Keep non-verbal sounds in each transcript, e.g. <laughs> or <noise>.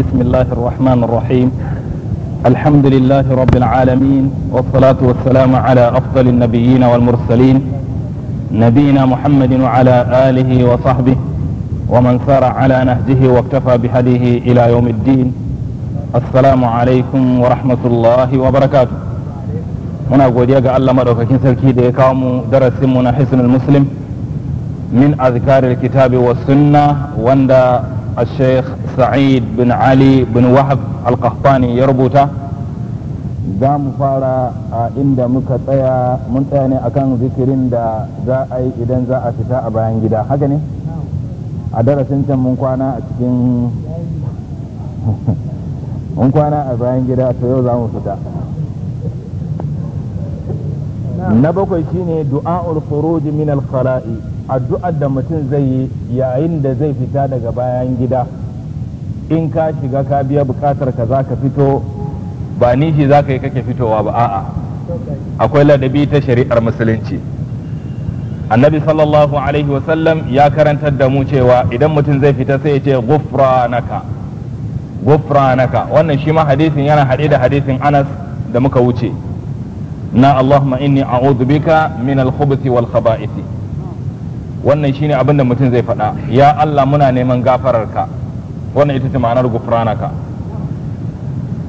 بسم الله الرحمن الرحيم الحمد لله رب العالمين والصلاة والسلام على أفضل النبيين والمرسلين نبينا محمد وعلى آله وصحبه ومن سار على نهجه واكتفى بهديه إلى يوم الدين السلام عليكم ورحمة الله وبركاته هنا أقول يا جعل madaukakin sarki da درس من حسن المسلم من أذكار الكتاب والسنة واندا الشيخ sa'id bin ali bin wahab alkahfani ya rubuta za mu fara a inda muka tsaya mun tsaya ne akan zikirin da za a yi idan za a fita a bayan gida haka ne a darasin can mun kwana a cikin mun kwana a bayan gida to yau za mu fita na bakwai shine du'a'ul khuruj min al-khala'i addu'ar da mutum zai yi yayin da zai fita daga bayan gida in ka shiga ka biya bukatar ka za ka fito ba nishi za ka yi kake fitowa ba a'a akwai ladabi ta shari'ar musulunci annabi sallallahu alaihi wasallam ya karantar da mu cewa idan mutum zai fita sai ya ce gufranaka gufranaka wannan shi ma hadisin yana haɗe da hadisin anas da muka wuce na allahumma inni a'udhu bika min al-khubuthi wal khaba'ith wannan shine abin da mutum zai faɗa ya allah muna neman gafararka wannan ita ce ma'anar gufranaka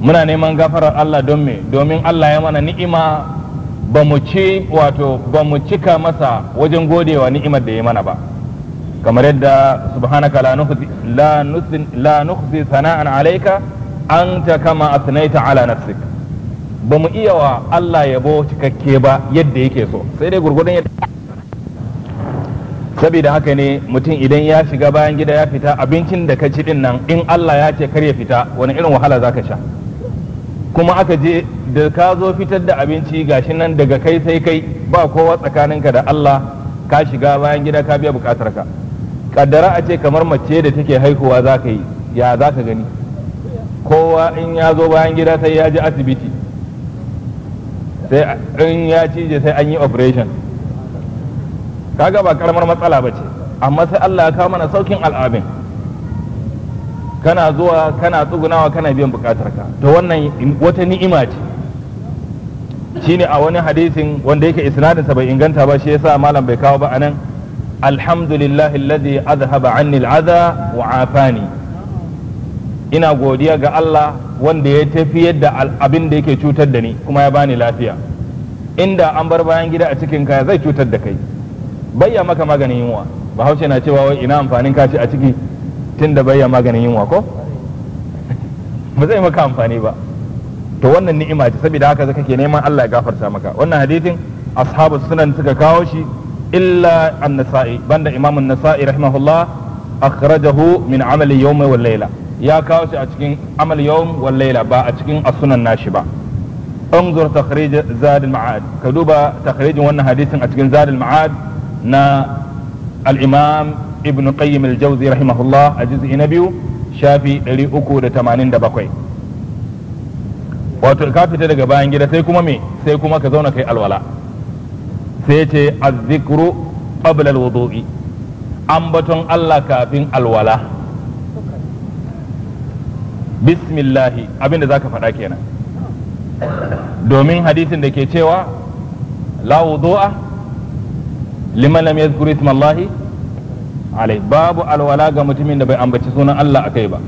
muna neman gafarar Allah don me domin Allah ya mana ni'ima ba mu ci wato ba mu cika masa wajen godewa ni'imar da ya mana ba kamar yadda subhanaka la nuhzi sana'an alayka anta kama asnaita ala nafsik ba mu iya wa Allah yabo cikakke ba yadda yake so sai dai gurgurdan yadda saboda haka ne mutum idan ya shiga bayan gida ya fita abincin da ka ci din nan in Allah ya ce kar ya fita wani irin wahala zaka sha kuma aka je da ka zo fitar da abinci gashi nan daga kai sai kai ba kowa tsakaninka da Allah ka shiga bayan gida ka biya bukatar ka kaddara a ce kamar mace da take haihuwa zaka yi ya zaka gani kowa in ya zo bayan gida sai ya je asibiti sai in ya cije sai an yi operation kaga ba karamar matsala ba ce amma sai Allah ya kawo mana saukin al'abin kana zuwa kana tsugunawa kana biyan ka, to wannan wata ni'ima ce shine a wani hadisin wanda yake sa bai inganta ba shi yasa malam bai kawo ba anan alhamdulillahi alladhi azhaba anni al'adha wa afani ina godiya ga Allah wanda ya tafiyar da abin da yake cutar da ni kuma ya bani lafiya inda an bar bayan gida a cikin kaya zai cutar da kai bayya maka maganin yunwa bahaushe na cewa wai ina amfanin kashi a ciki tunda bayya maganin yunwa ko <laughs> ba zai maka amfani ba to wannan ni'ima ce saboda haka kake neman Allah ya gafarta maka wannan hadithin ashabu sunan suka kawo shi illa an-nasa'i banda imamun nasa'i rahimahullah akhrajahu min amali yawmi wal layla ya kawo shi a cikin amal yawm wal layla ba a cikin as-sunan nashi ba انظر تخريج زاد المعاد كدوبا تخريج وانا حديث اتكن زاد المعاد na al-imam ibn qayyim al-jawzi rahimahullah a juz'i na biyu shafi 387 wato ka fita daga bayan gida sai kuma me sai kuma ka zauna kai alwala sai ce az-zikru qabla al-wudu'i ambaton Allah kafin alwala bismillahi abinda za ka faɗa kenan domin hadisin da ke cewa la wudu'a liman lam yadhkur isma Allah alai babu alwala ga mutumin da bai ambaci sunan Allah akai ba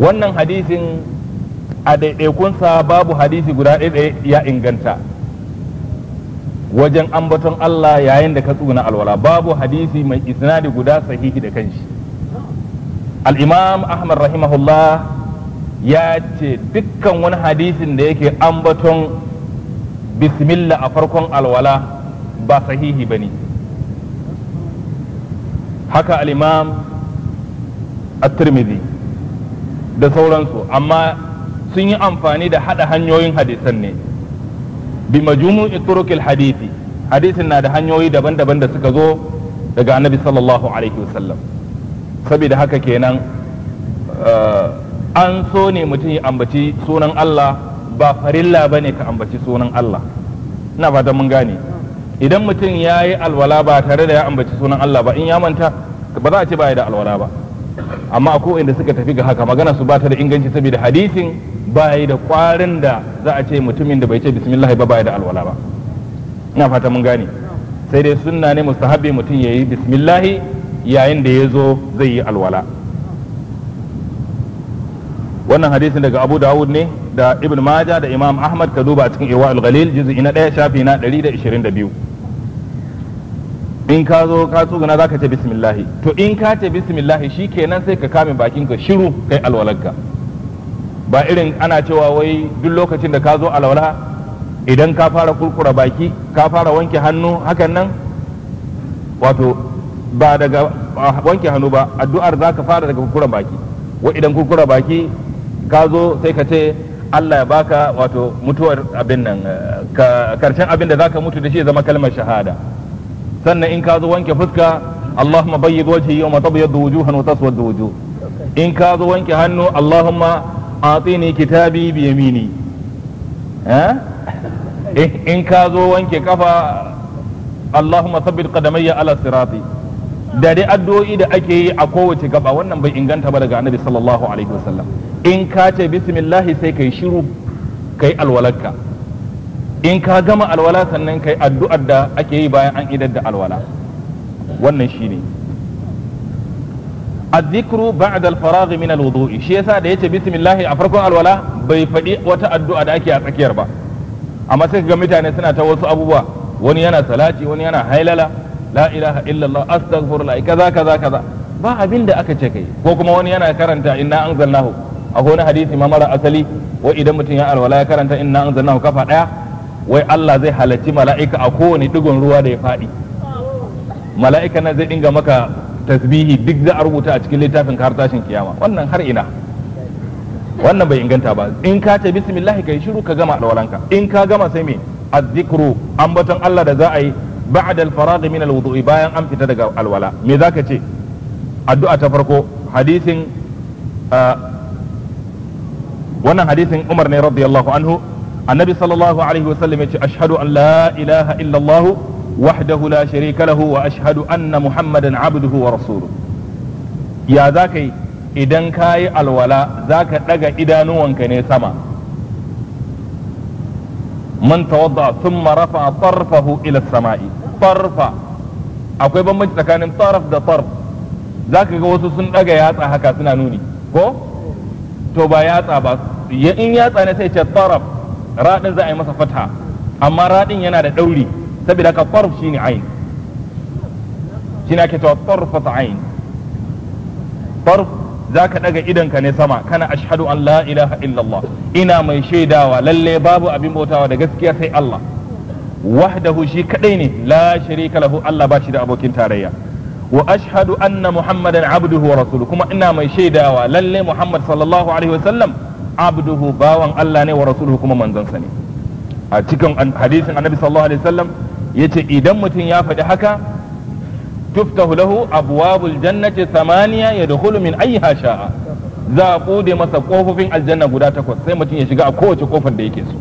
wannan hadisin a sa babu hadisi guda ɗaya ya inganta wajen ambaton Allah yayin da ka tsuna alwala babu hadisi mai isnadi guda sahihi da kanshi al-imam Ahmad rahimahullah ya ce dukkan wani hadisin da yake ambaton bismillah a farkon alwala ba sahihi bane haka alimam at-tirmidhi da sauransu amma sun yi amfani da haɗa hanyoyin hadisan ne bi majmu'i turuqil hadisi hadisin na da hanyoyi daban-daban da suka zo daga annabi sallallahu alaihi wasallam saboda haka kenan eh, an so ne mutum ya ambaci sunan Allah ba farilla ne ka ambaci sunan Allah ina fatan mun gane idan mutum ya yi alwala ba tare da ya ambaci sunan Allah ba in ya manta ba za a ce ba ya da alwala ba amma a akwai inda suka tafi ga haka magana su ba ta da inganci saboda hadisin ba yi da kwarin da za a ce mutumin da bai ce bismillah ba ba ya da alwala ba ina fata mun gane sai dai sunna ne mustahabi mutum ya yi bismillah yayin da ya zo zai yi alwala wannan hadisin daga Abu Dawud ne da Ibn maja da Imam Ahmad ka duba a cikin Iwa al-Ghalil juz'i na 1 shafi na 122 in ka zo ka tsuguna za ka ce bismillahi to in ka ce bismillahi shi kenan sai ka kame bakinka shiru kai alwalarka ba irin ana cewa wai duk lokacin da ka zo alwala idan ka fara kurkura baki ka fara wanke hannu hakan nan wato ba daga wanke hannu ba addu'ar za ka fara daga kurkuran baki wa idan kurkura baki ka zo sai ka ce Allah ya baka wato mutuwar abin nan eh, karshen abin da za ka mutu da shi zama kalmar shahada sannan in ka zo wanke fuska Allahumma bayyid wajhi yawma tabyaddu wujuhan wa taswaddu wujuh in ka zo wanke hannu Allahumma atini kitabi bi yamini eh? <laughs> in ka zo wanke kafa Allahumma thabbit qadamayya ala sirati da dai addu'o'i da ake yi a kowace gaba wannan bai inganta ba daga annabi sallallahu alaihi wasallam in ka ce bismillah sai kai shiru kai alwalarka in ka gama alwala sannan kai addu'ar da ake yi bayan an idar da alwala wannan shi shine الذكر بعد الفراغ من الوضوء shi yasa da yace bismillah a farkon alwala bai faɗi wata addu'a da ake a tsakiyar ba amma sai ga mutane suna ta wasu abubuwa wani yana salati wani yana hailala la ilaha illallah astaghfirullah kaza kaza kaza ba abin da aka ce kai ko kuma wani yana karanta inna anzalnahu A wani hadisi ma mara asali wa idan mutum ya alwala ya karanta inna anzalnahu kafa daya wai Allah zai halarci mala'ika a kowane digon ruwa da ya faɗi mala'ika na zai dinga maka tasbihi duk za a rubuta a cikin littafin har tashin kiyama wannan har ina wannan bai inganta ba in ka ce bismillah kai shiru ka gama alwalanka in ka gama sai me azzikru ambaton Allah da za a yi ba'da al-faragh min al-wudu'i bayan an fita daga alwala me zaka ce addu'a ta farko hadisin ah, wannan hadisin Umar ne radiyallahu anhu annabi sallallahu yace ashhadu an wahdahu la sharika wa ashhadu anna muhammadan abduhu wa rasuluhu ya zaka idan kayi alwala zaka daga idanuwanka ne sama man tawadda thumma rafa tarfahu ila samai tarfa akwai bambanci tsakanin taraf da tarf zaka ga wasu sun daga yatsa haka suna nuni ko to ba yatsa in sai ce raɗin za a yi masa fatha amma raɗin yana da ɗauri saboda ka tsarf shi ne ayin shi ne ake cewa ayin tsarf za ka ɗaga idonka ne sama kana ashhadu an la ilaha illallah ina mai shaidawa lalle babu abin bautawa da gaskiya sai Allah wahdahu shi kaɗai ne la sharika lahu Allah ba shi da abokin tarayya wa ashhadu anna muhammadan abduhu wa rasuluhu kuma ina mai shaidawa lalle muhammad sallallahu alaihi wasallam abduhu bawan Allah ne wa rasuluhu kuma manzansa ne a cikin hadisin annabi sallallahu alaihi wasallam yace idan mutum ya faɗi haka tuftahu lahu abwabul jannati thamaniya yadkhulu min ayyiha sha'a za a bude masa kofofin aljanna guda takwas sai mutum ya shiga a kowace kofar da yake so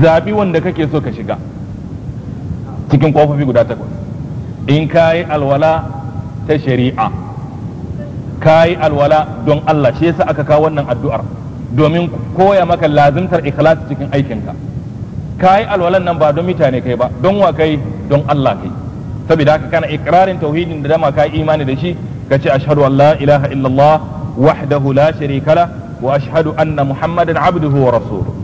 zabi wanda kake so ka shiga cikin kofofi guda takwas in kayi alwala ta shari'a kayi alwala don Allah shi yasa aka kawo wannan addu'ar domin koya maka lazimtar ikhlasi cikin aikinka ka yi alwalan nan ba don mutane kai ba don wa kai don Allah kai saboda haka kana ikrarin tauhidin da dama ka yi imani da shi ka ce ashhadu an la ilaha illallah wahdahu la sharika la wa ashhadu anna muhammadan abduhu wa rasuluhu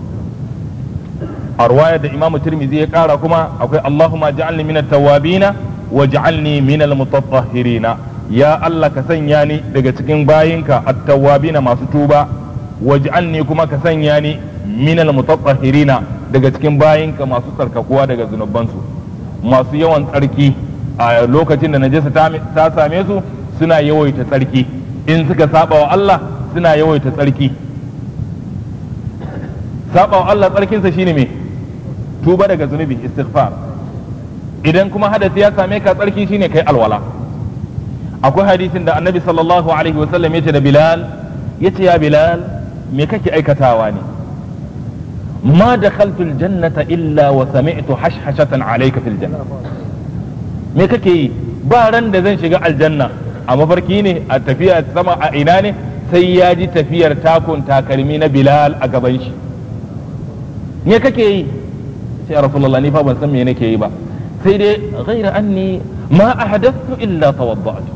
a da imamu tirmidhi ya kara kuma akwai allahumma ja'alni minat tawwabina wa ja'alni minal mutatahhirina ya Allah ka sanya ni daga cikin bayinka at-tawwabina masu tuba waj'alni kuma ka sanya ni minal mutatahhirina daga cikin bayinka masu tsarkakuwa daga zunubansu masu yawan tsarki a lokacin da najasa ta same su suna yawaita tsarki in suka saba wa Allah suna yawaita tsarki saba wa Allah tsarkinsa shine me tuba daga zunubi istighfar idan kuma hadasi ya same ka tsarki shine kai alwala akwai hadisin da annabi sallallahu alaihi wasallam yace da bilal yace ya bilal me kake aikatawa ne ma dakhaltul jannata illa wa sami'tu hashhashatan alayka fil janna me kake yi ba ran da zan shiga aljanna a mafarki ne a tafiya sama a ina ne sai ya ji tafiyar takun takalmi na bilal a gaban shi me kake yi sai rasulullah ni fa ban san me nake yi ba sai dai ghaira anni ma ahdathu illa tawadda'tu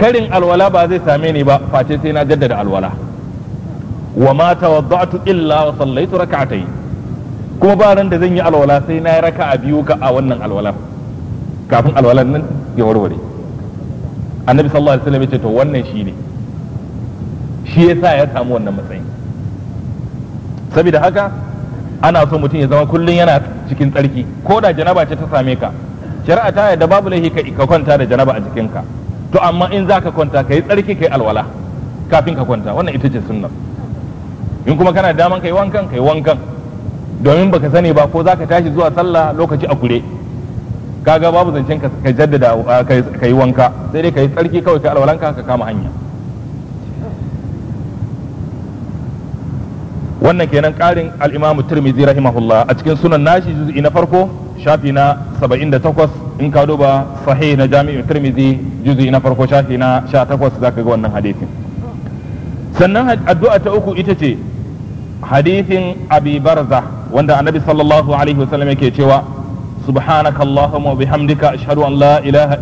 karin alwala ba zai same ni ba face sai na jaddada alwala wa ma tawadda'tu illa wa sallaitu rak'atayn kuma ba ran da zan yi alwala sai na yi raka'a biyu ka a wannan alwala kafin alwalan nan ya warware annabi sallallahu alaihi wasallam ya ce to wannan shine shi yasa ya samu wannan matsayin saboda haka ana so mutum ya zama kullum yana cikin tsarki ko da janaba ce ta same ka shari'a ta yadda babu laifi ka kwanta da janaba a jikinka to amma in za ka kwanta ka yi tsarki ka yi alwala kafin ka kwanta wannan ita ce sunnar in kuma kana daman kai wankan kai wankan domin baka sani ba ko zaka tashi zuwa sallah lokaci a kure kaga babu zancen ka jaddada ka wanka sai dai ka yi tsarki kawai ka alwalanka ka kama hanya wannan kenan karin al-Imam Tirmidhi rahimahullah a cikin sunan nashi juz'i na farko shafi na 78 in ka duba sahih na jami'in Tirmidhi juz'i na farko shafi na 18 zaka ga wannan hadisin sannan addu'a ta uku ita ce Hadisin abi barza wanda annabi sallallahu alaihi wasallam yake cewa subhanaka allahumma wa bihamdika ashhadu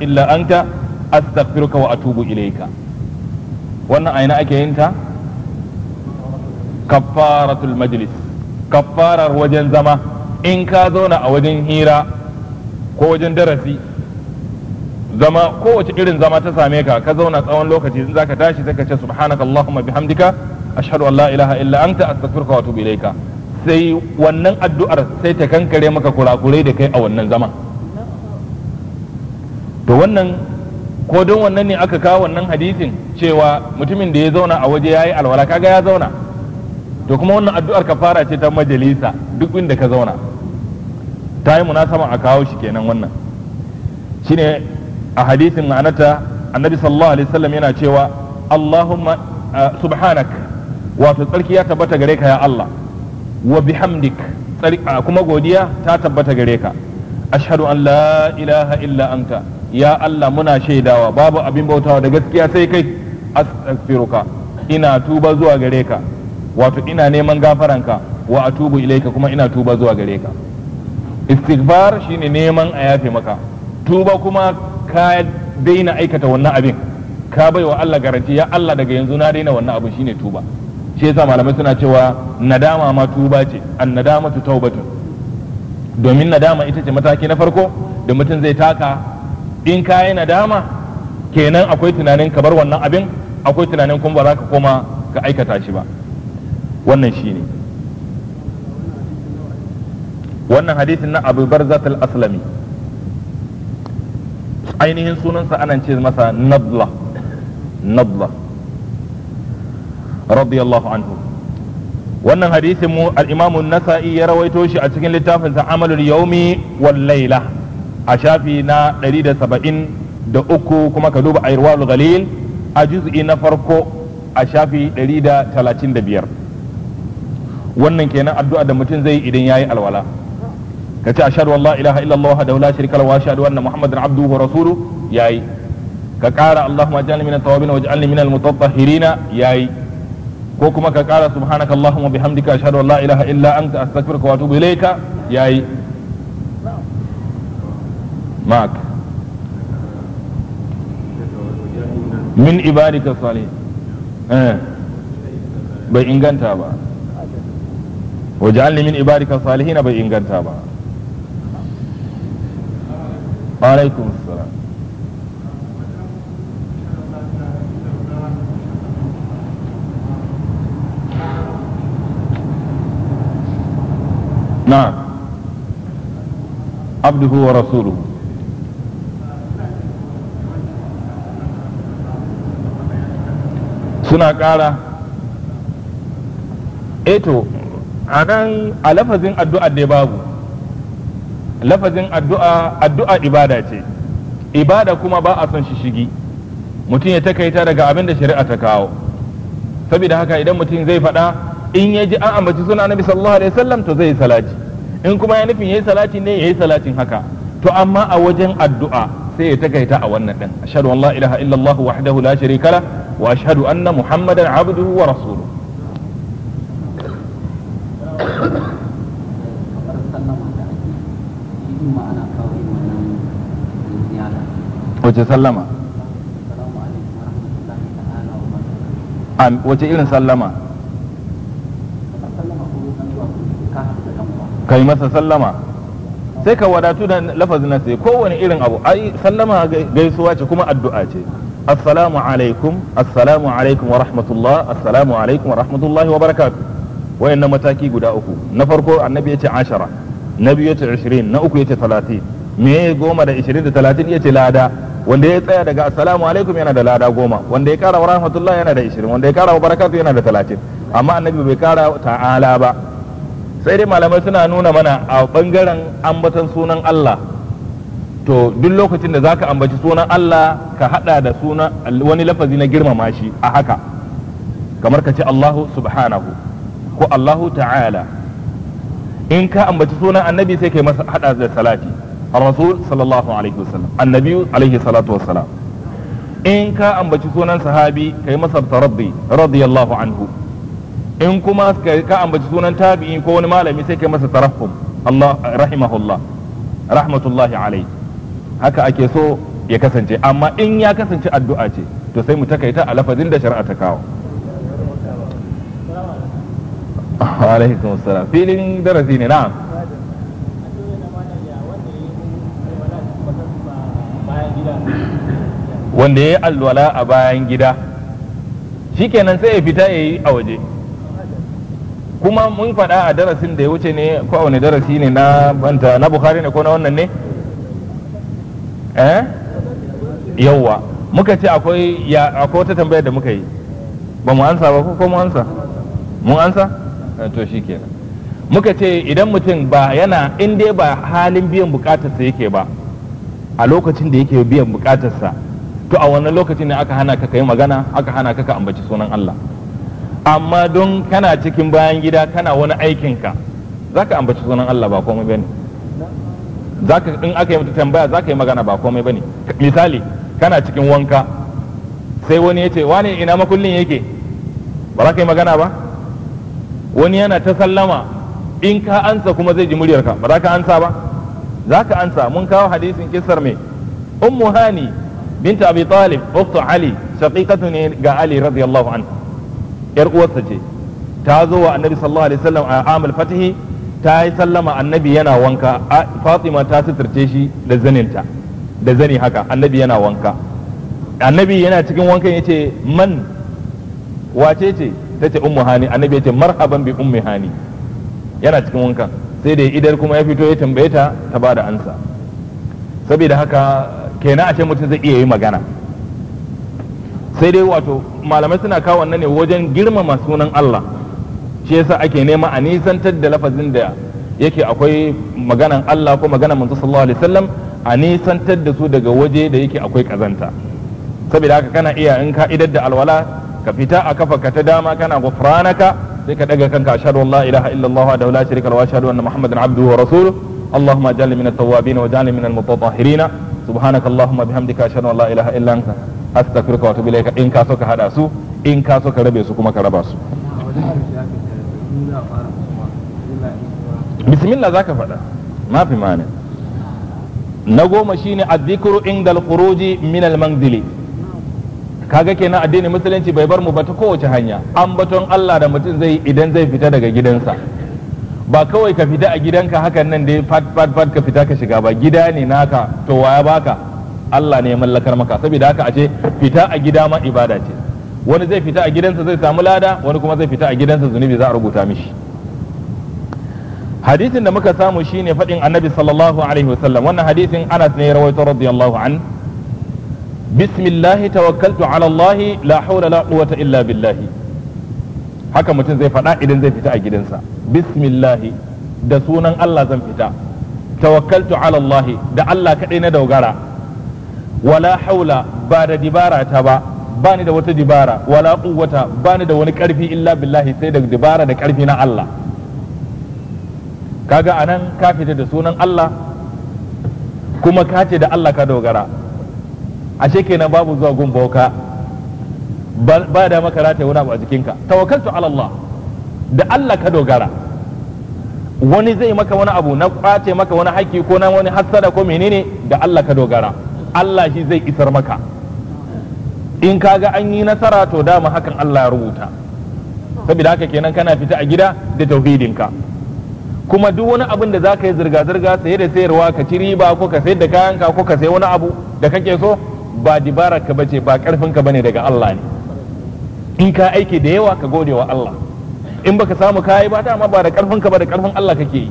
illa anta astaghfiruka wa atubu ilayka wannan aina ake yin ta kaffaratul majlis kaffarar wajen zama in ka zauna a wajen hira ko wajen darasi zama kowace irin zama ta same ka ka zauna tsawon lokaci in zaka tashi sai ka ce subhanaka allahumma bihamdika ashhadu an la ilaha illa anta astaghfiruka wa atubu ilaika sai wannan addu'ar sai ta kankare maka kurakurai da kai a wannan zama to wannan ko don wannan ne aka kawo wannan hadisin cewa mutumin da ya zauna a waje yayi alwala kaga ya zauna to kuma wannan addu'ar kafara ce ta majalisa duk inda ka zauna ta yi munasaba a kawo shi kenan wannan shine a hadisin ma'anata annabi sallallahu alaihi wasallam yana cewa allahumma subhanak wato tsarki ya tabbata gare ka ya Allah wa bihamdik kuma godiya ta tabbata gare ka ashhadu an la ilaha illa anta ya Allah muna shaidawa babu abin bautawa da gaskiya sai kai astaghfiruka ina tuba zuwa gare ka wato ina neman gafaranka wa atubu ilaika kuma ina tuba zuwa gare ka istighfar shine neman a yafe maka tuba kuma ka daina aikata wannan abin ka bai wa Allah garanti ya Allah daga yanzu na daina wannan abin shine tuba shi yasa malamai suna cewa nadama ma tuba ce an tu taubatun domin nadama ita ce mataki na farko da mutum zai taka in ka yi nadama kenan akwai tunanin ka bar wannan abin akwai tunanin kuma ba za ka koma ka aikata shi ba wannan shi ne wannan hadisin na abu barzat aslami ainihin sunansa ana ce masa nabla nabla radiyallahu anhu wannan hadisin mu al-Imam nasai ya rawaito shi a cikin littafinsa Amalul yaumi wal Laila a shafi na 173 kuma ka duba Irwalul Ghalil a juz'i na farko a shafi 135 wannan kenan addu'a da mutum zai idan ya yi alwala kace ashhadu an la ilaha illallah wahdahu la sharika lahu wa ashhadu anna muhammadan abduhu wa ya yi ka kara allahumma ij'alni minat tawabin waj'alni minal ya yi. ko kuma ka kara subhanaka allahumma bihamdika ashhadu an la ilaha illa anta astaghfiruka wa atubu ilayka yayi معك من عبادك الصالحين اه بي انغنتا با وجعلني من عبادك الصالحين bai inganta ba. عليكم السلام نعم عبده ورسوله suna ƙara eto a nan a lafazin addu'a dai babu lafazin addu'a addu'a ibada ce ibada kuma ba a son shishigi mutum ya takaita daga abin da shari'a ta kawo saboda haka idan mutum zai faɗa in ya ji an ambaci suna nabi sallallahu alaihi wasallam to zai yi salati in kuma ya nufin yayi salati ne yayi salatin haka to amma a wajen addu'a sai ya takaita a wannan din ashhadu an la ilaha illallah wahdahu la sharika la wa ashhadu anna muhammadan abduhu wa rasuluhu wace sallama wace irin sallama kai masa sallama sai ka wadatu da lafazin na sai kowane irin abu ai sallama gaisuwa ce kuma addu'a ce assalamu alaikum assalamu alaikum wa rahmatullah assalamu alaikum wa rahmatullahi wa barakatuh wayannan mataki guda uku na farko annabi ya ce ashara na biyu ce 20 na uku ya ce 30 me ya goma da 20 da 30 ce lada wanda ya tsaya daga assalamu alaikum yana da lada goma wanda ya kara wa rahmatullah yana da 20 wanda ya kara wa barakatuh yana da 30 amma annabi bai kara ta'ala ba sai dai malamai suna nuna mana a bangaren ambatan sunan Allah to duk lokacin da zaka ambaci sunan Allah ka hada da suna wani lafazi na girmama shi a haka kamar ka ce Allahu subhanahu ko Allahu ta'ala in ka ambaci sunan annabi sai kai masa hada da salati rasul sallallahu alaihi wasallam annabi alaihi salatu wasallam in ka ambaci sunan sahabi kai masa tarabbi radiyallahu anhu in kuma ka ambaci sunan tabi'i ko wani malami sai kai masa tarahum Allah rahimahullah rahmatullahi alai haka ake so ya kasance amma in ya kasance addu'a ce to sai mu takaita a lafazin da shari'a ta kawo alaikum salam filin darasi ne na'am wanda ya yi alwala a bayan gida shikenan sai ya fita ya yi a waje kuma mun faɗa a darasin da ya wuce ne ko wani darasi ne na banta na bukhari ne ko na wannan ne eh yawwa muka ce akwai ya akwai wata tambayar da muka yi ba mu ansa ba ko mu ansa mu ansa eh, to shikenan muka ce idan mutum ba yana in dai ba halin biyan bukatarsa yake ba a lokacin da yake biyan bukatarsa to a wannan lokacin ne aka hana ka kai magana aka hana ka ka ambaci sunan Allah amma don kana cikin bayan gida kana wani aikinka za ka ambaci sunan Allah ba komai bane zaka in aka yi mata tambaya za ka yi magana ba komai bane misali kana cikin wanka sai wani ya ce wani ina makullin yake ba za ka yi magana ba wani yana ta sallama in ka ansa kuma zai ji muryarka ba za ka ansa ba za ka ansa mun kawo hadisin kisar mai ummu hani binta abi talib uktu ali shaqiqatu ne ga ali radiyallahu anhu yar uwarsa ce ta zo wa annabi sallallahu alaihi wasallam a amal fatihi ta yi sallama annabi yana wanka fatima ta suturce shi da zaninta da zani haka annabi yana wanka annabi yana cikin wankan yace man wace ce tace ummu hani annabi yace marhaban bi ummi hani yana cikin wankan sai da idar kuma ya fito ya tambaye ta ta bada ansa saboda haka kenan a ce mutum zai iya yi magana sai dai wato malamai suna kawo wannan ne wajen girmama sunan Allah shi yasa ake nema a nisantar da lafazin da yake akwai maganan Allah ko maganan manzo sallallahu alaihi wasallam a nisantar da su daga waje da yake akwai kazanta saboda haka kana iya in ka idar da alwala ka fita a kafa ka ta dama kana gufranaka sai ka daga kanka ashhadu an la ilaha allah wa la sharika lahu wa ashhadu anna muhammadan abduhu wa rasuluhu اللهم اجعلنا من التوابين واجعلنا من المتطهرين سبحانك اللهم وبحمدك اشهد ان لا اله الا انت astaghfiruka wa atubu in ka so ka hada su in ka so ka rabe su kuma ka raba su bismillah zaka fada ma fi mani na goma shine azzikru inda al-khuruji min al kaga kenan addinin musulunci bai bar mu ba ta kowace hanya an baton Allah da mutum zai idan zai fita daga gidansa ba kawai ka fita a gidanka hakan nan dai fat fat fat ka fita ka shiga ba gida ne naka to waya baka Allah ne ya mallakar maka saboda haka a ce fita a gida ma ibada ce wani zai fita a gidansa zai samu lada wani kuma zai fita a gidansa zunubi za a rubuta mishi hadisin da muka samu shine faɗin annabi sallallahu alaihi wasallam wannan hadisin anas ne ya rawaito radiyallahu an bismillahi tawakkaltu ala la hawla la quwwata illa billahi haka mutum zai faɗa idan zai fita a gidansa bismillahi da sunan Allah zan fita tawakkaltu ala da Allah kaɗai na dogara wala haula ba da dibara ta ba ba ni da wata dibara wala quwwata ba ni da wani karfi illa billahi sai da dibara da karfi na Allah kaga anan ka fita da sunan Allah kuma ka ce da Allah ka dogara A kenan babu zuwa gun bauka ba da maka rataye wani abu a jikinka tawakkaltu ala Allah da Allah ka dogara wani zai maka wani abu na kwace maka wani haƙƙi ko na wani hassada ko menene da Allah ka dogara Allah shi zai isar maka in kaga an yi nasara to dama hakan Allah ya rubuta saboda haka kenan kana fita a gida da tauhidinka kuma duk wani abin da za ka yi zirga-zirga saye da sayarwa ka ci riba ko ka sayar da ka ko ka sayi wani abu da kake so ba dibarar ka bace ba karfin ka bane daga Allah ne in ka aiki da yawa ka gode wa Allah in baka samu kayi ba dama ba da karfin ka ba da karfin Allah kake yi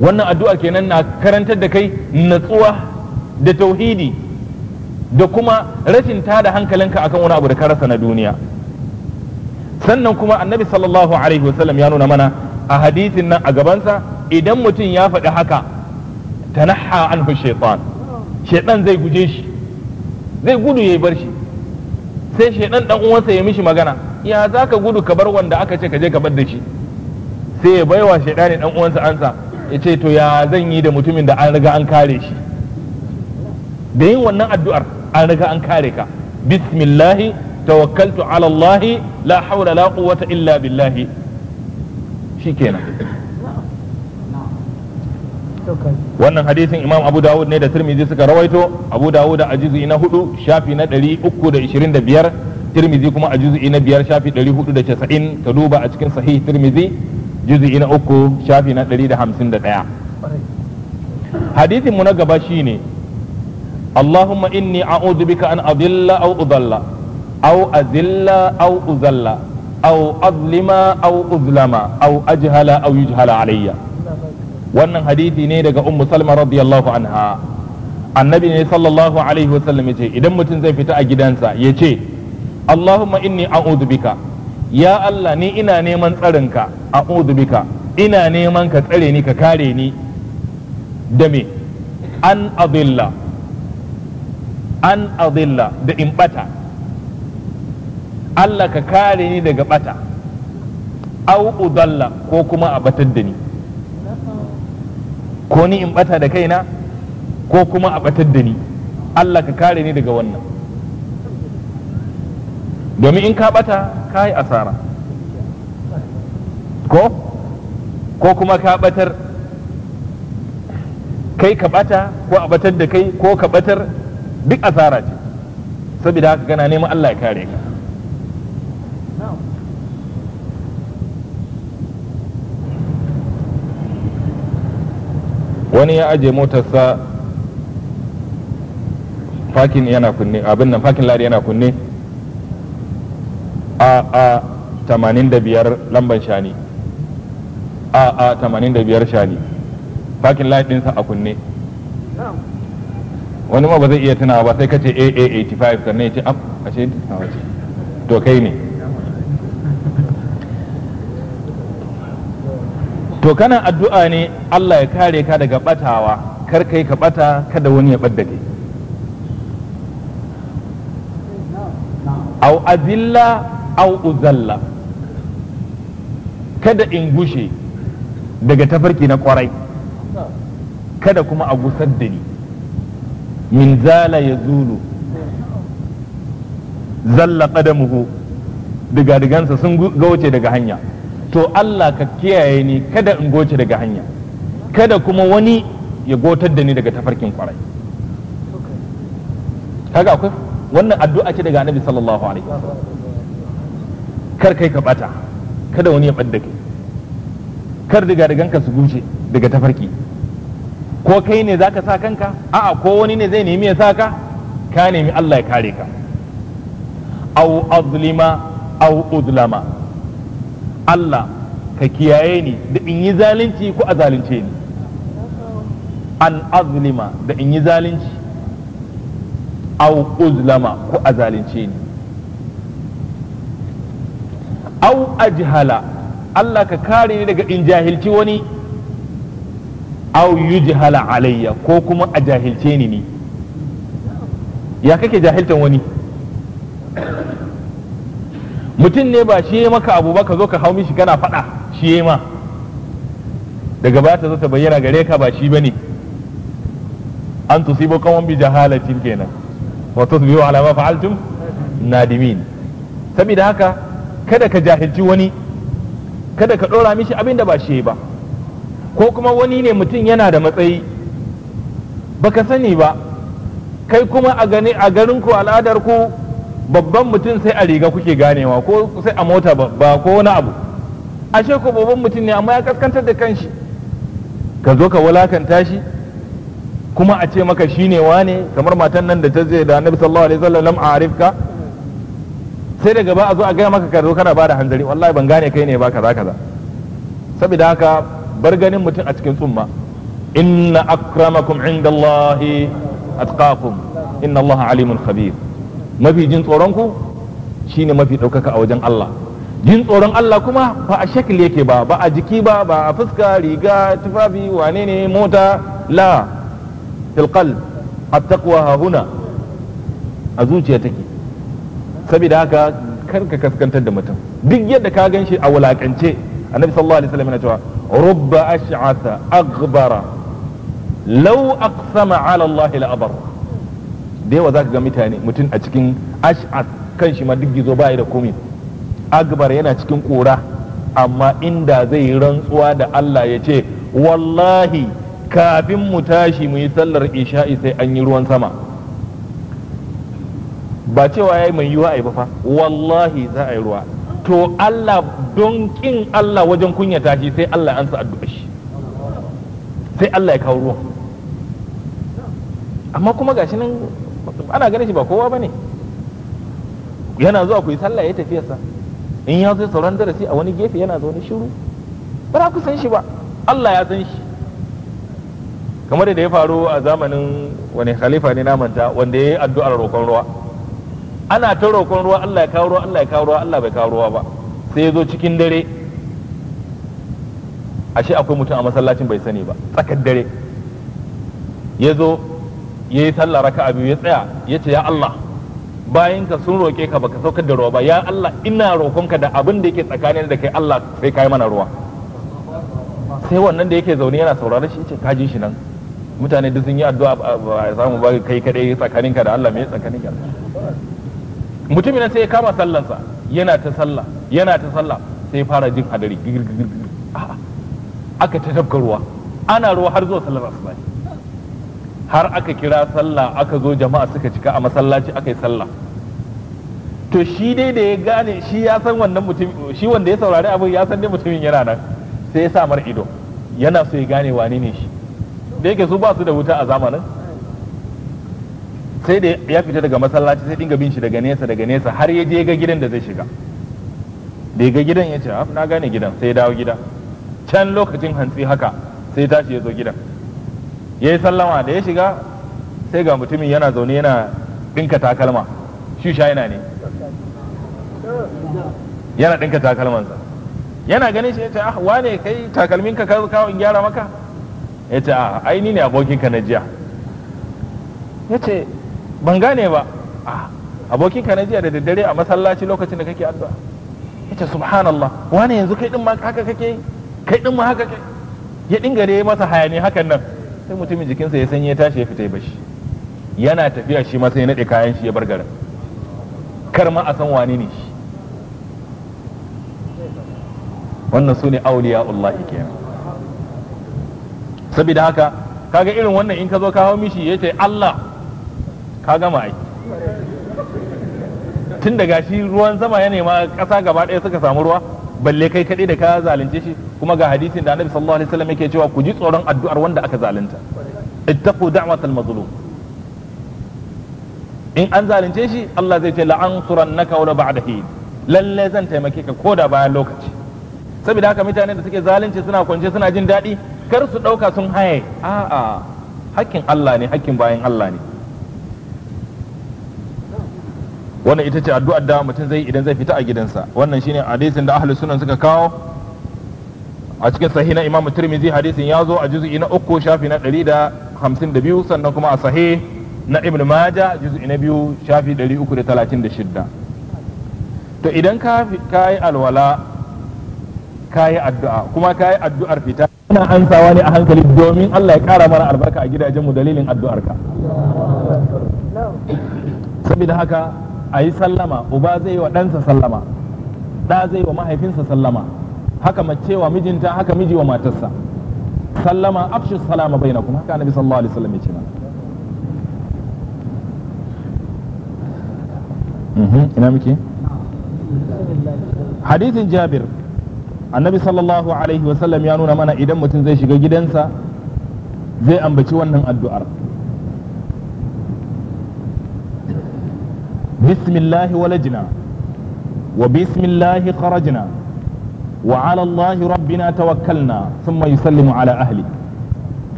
wannan addu'a kenan na karantar da kai natsuwa da tauhidi da kuma rashin tada hankalinka akan wani abu da ka rasa na duniya sannan kuma annabi sallallahu alaihi wasallam ya nuna mana a hadisin nan a gabansa idan mutum ya faɗi haka tanaha anhu shaitan shaitan zai guje shi zai gudu ya bar shi sai shaitan dan uwansa ya mishi magana ya za ka gudu ka bar wanda aka ce ka je ka bar da shi sai ya baiwa shaitani dan uwansa ansa ya ce to ya zan yi da mutumin da an riga an kare shi da yin wannan addu'ar an riga an kare ka bismillahi tawakkaltu ala Allah la hawla la quwwata illa billahi shikenan wannan hadisin imam abu dawud ne da tirmizi suka rawaito abu dawud a juzi na hudu shafi na 325 tirmizi kuma a juzi na biyar shafi 490 ka duba a cikin sahih tirmizi juzi na uku shafi na 151 hadisin mu na gaba shine اللهم إني أعوذ بك أن أضل أو أضل أو أذل أو أذل أو أظلم أو أظلم أو أجهل أو يجهل علي wannan hadithi ne daga ummu salma radiyallahu anha annabi ne sallallahu alaihi wasallam yace idan mutum zai fita a gidansa yace allahumma inni a'udhu bika ya allah ni ina neman tsarinka a'udhu bika ina neman ka tsare ni ka kare ni da me an adilla an adilla da in bata Allah ka kare ni daga bata au udalla ko kuma a batar da ni ko ni in bata da kaina ko kuma a batar da ni Allah ka kare ni daga wannan domin in ka bata ka yi asara ko ko kuma ka batar kai ka bata ko a batar da kai ko ka batar duk asara ce saboda haka gana neman Allah ya kare ka wani ya aje motarsa fakin yana kunne abin nan fakin ladi yana kunne a a 85 lamban shani a a 85 shani fakin lari ɗinsa a kunne wani ma ba zai iya tunawa ba sai ka ce 85 sannan ya ce am ashe tunawa ce to kai ne to kana addu'a ne Allah ya kare ka daga batawa kar kai ka bata kada wani ya bada kai au azilla au uzalla kada in gushe daga tafarki na kwarai kada kuma a gusar da ni min zala ya zulu zalla qadamuhu diga-digansa sun goce daga hanya to Allah ka kiyaye ni kada in goce daga hanya kada kuma wani ya gotar da ni daga tafarkin kwarai kaga akwai wannan addu'a ce daga annabi sallallahu alaihi wasallam kar kai ka bata kada wani ya badda kai kar diga-diganka su guce daga tafarki ko kai ne za ka sa kanka a'a ko wani ne zai nemi ya sa ka ka nemi Allah ya kare ka au azlima au udlama Allah ka kiyaye ni da in yi zalunci ko a zalunce ni an azlima da in yi zalunci au uzlama ko a zalunce ni au ajhala Allah ka kare ni daga in jahilci wani au yujhala alayya ko kuma a jahilce ni ne ya kake jahiltan wani mutum ne ba shi ya maka abu ba ka zo ka hau mishi kana faɗa shi ya ma daga baya ta zo ta bayyana gare ka ba shi bane an ba kawon bi jahalatin kenan wa tusbihu ala ma fa'altum nadimin saboda haka kada ka jahilci wani kada ka dora mishi abin da ba shi ba ko kuma wani ne mutum yana da matsayi baka sani ba kai kuma a gani a garin ku al'adar ku babban mutum sai a riga kuke ganewa ko sai a mota ba ko wani abu ashe ko babban mutum ne amma ya kaskantar da kanshi ka zo ka walakanta shi kuma a ce maka shine wane kamar matan nan da ta zai da annabi sallallahu alaihi wasallam lam a'rifka sai daga ba a zo a gaya maka ka zo kana ba da hanzari wallahi ban gane kai ne ba kaza kaza saboda haka bar ganin mutum a cikin tsumma inna akramakum Allahi atqakum inna allaha alimun khabir mafi jin tsoron ku shine mafi ɗaukaka a wajen Allah jin tsoron Allah kuma ba a shakil yake ba ba a jiki ba ba a fuska riga tufafi wane ne mota la tilqal attaqwa huna a zuciya take saboda haka karka kaskantar da mutum duk yadda ka gan shi a wulakance annabi sallallahu alaihi wasallam yana cewa rubba ash'atha aghbara law aqsama ala Allah la abar da yawa zaka ga mutane mutum a cikin ash'ath kan shi ma duk gizo ba da komai agbar yana cikin kura amma inda zai rantsuwa da Allah ya ce wallahi kafin mu tashi mu yi sallar isha'i sai an yi ruwan sama ba cewa ya mai yiwa a ba fa wallahi za a yi ruwa to Allah don kin Allah wajen kunyata shi sai Allah an sa addu'a shi sai Allah ya kawo ruwan amma kuma gashi nan ana ganin shi ba kowa bane yana zuwa ku yi sallah ya tafi yasa in ya zai sauran darasi a wani gefe yana zaune shiru ba za ku san shi ba Allah ya san shi kamar da ya faru a zamanin wani khalifa ne namanta wanda ya yi addu'ar roƙon ruwa ana ta roƙon ruwa Allah ya kawo ruwa Allah ya kawo ruwa Allah bai kawo ruwa ba sai ya zo cikin dare ashe akwai mutum a masallacin bai sani ba tsakar dare ya zo ya yi sallah a biyu ya tsaya ya ce ya Allah bayan ka sun roƙe ka baka saukar da ruwa ba ya Allah ina roƙonka da abin da yake tsakanin da kai Allah sai kai mana ruwa sai wannan da yake zaune yana sauraron shi ce kaji shi nan mutane duk sun yi addu'a ba samu ba kai kadai tsakaninka da Allah me tsakaninka mutumin nan sai ya kama sallansa yana ta sallah yana ta sallah sai ya fara jin hadari aka ta tafka ruwa ana ruwa har zuwa sallar asuba har aka kira sallah aka zo jama'a suka cika a masallaci aka yi sallah to shi dai da ya gane shi ya san wannan mutum shi wanda ya saurari abin ya san dai mutumin yana nan sai ya sa mar ido yana so ya gane wane ne shi da yake su ba su da wuta a zamanin sai da ya fita daga masallaci sai dinga bin shi daga nesa daga nesa har ya je ga gidan da zai shiga da ga gidan ya ce na gane gidan sai ya dawo gida can lokacin hantsi haka sai tashi ya zo gidan ya yi sallama da ya shiga sai ga mutumin yana zaune yana dinka takalma shi yana ne yana takalman takalmansa yana ganin shi ya ce ah wane kai takalmin ka kawo in gyara maka ya ce ah ai ni ne abokinka na jiya ya ce ban gane ba ah, abokin ka na jiya da daddare a masallaci lokacin da kake addu'a yace subhanallah wani yanzu kai din ma haka kake kai din ma haka kai ya dinga da masa hayani hakan nan sai mutumin jikinsa ya sanya ya tashi ya fita ya bashi yana tafiya shi ma sai ya nade kayan shi ya bar garin kar ma a san wani ne shi wannan su ne Allah kenan saboda haka kaga irin wannan in ka zo kawo mishi yace Allah ka gama ai tun da gashi ruwan sama ya nema ƙasa gaba ɗaya suka samu ruwa balle kai kaɗai da ka zalunce shi kuma ga hadisin da annabi sallallahu alaihi wasallam yake cewa ku ji tsoron addu'ar wanda aka zalunta ittaqu da'watal mazlum in an zalunce shi Allah zai ce la'ansurannaka wa ba'dahi lalle zan taimake ka koda bayan lokaci saboda haka mutane da suke zalunci suna kwance suna jin daɗi kar su ɗauka sun haye a'a hakkin Allah ne hakkin bayan Allah ne wannan ita ce addu'ar da mutum zai idan zai fita a gidansa wannan shine hadisin da ahli sunan suka kawo a cikin sahih na imamu tirmidhi hadisin ya zo a juz'i na uku shafi na 152 sannan kuma a sahih na ibn majah juz'i na biyu shafi 336 to idan ka kai alwala kai addu'a kuma kai addu'ar fita ana ansawa ne a hankali domin Allah ya kara mana albarka a gidajenmu dalilin addu'arka saboda haka a yi sallama uba zai yi wa ɗansa sallama ɗa zai yi wa mahaifinsa sallama haka mace wa mijinta haka miji wa matarsa sallama afshu salama kuma haka annabi sallallahu alaihi wasallam ya ce mana mhm, ina muke hadisin jabir annabi sallallahu alaihi wasallam ya nuna mana idan mutum zai shiga gidansa zai ambaci wannan addu'ar بسم الله ولجنا وبسم الله خرجنا وعلى الله ربنا توكلنا ثم يسلم على أهله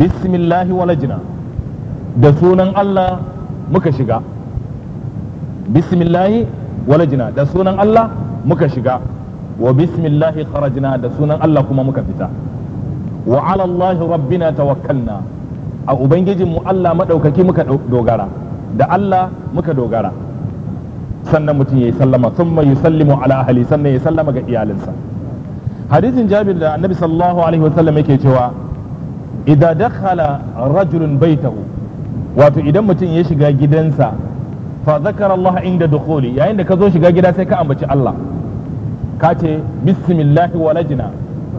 بسم الله ولجنا da sunan Allah muka shiga bismillahi walajina da sunan Allah muka shiga wa bismillahi kharajna da sunan Allah kuma muka fita wa ala Allah rabbina tawakkalna a ubangijinmu Allah muka dogara da Allah muka dogara sannan mutum ya yi sallama sun mai yusallimu ala ahali sannan ya sallama ga iyalinsa hadisin jabir da annabi sallallahu alaihi wasallam yake cewa idan dakhala rajulun baitahu wato idan mutum ya shiga gidansa fa zakara Allah inda dukhuli yayin da ka zo shiga gida sai ka ambaci Allah ka ce bismillahi walajna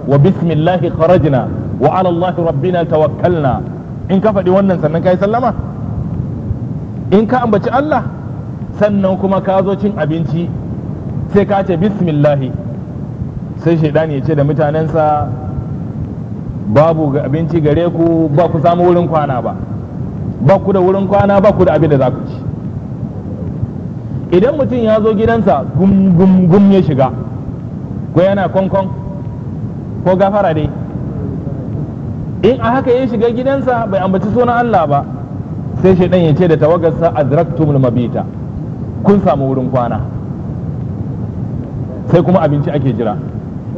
wa bismillahi kharajna wa ala Allah rabbina tawakkalna in ka faɗi wannan sannan ka yi sallama in ka ambaci Allah sannan kuma ka zo cin abinci sai ka ce bismillahi sai shaidan ya ce da mutanensa babu abinci gare ku ba ku samu wurin kwana ba ba ku da wurin kwana ba ku da abin da za ku ci idan mutum ya zo gidansa gum gum gum ya shiga ko yana kwankwan ko gafara dai in a haka ya shiga gidansa bai ambaci sunan Allah ba sai shaidan ya ce da tawagarsa azraktumul mabita kun samu wurin kwana sai kuma abinci ake jira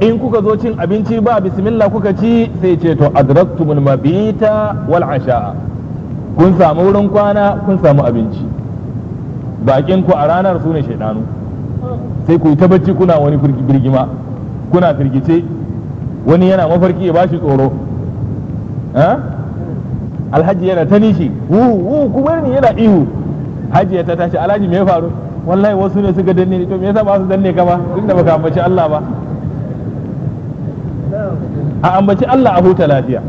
in kuka zo cin abinci ba bismillah kuka ci sai ce to azraktumul mabita wal asha'a kun samu wurin kwana kun samu abinci bakin ku a ranar su ne shaidanu sai ku yi ta bacci kuna wani birgima kuna firgice wani yana mafarki ya bashi tsoro alhaji yana ta nishi wu kuma ni yana ihu ya ta tashi alhaji me faru wallahi wasu ne suka danne ni to me yasa ba su danne ka ba tunda baka ambaci Allah ba a ambaci Allah a huta lafiya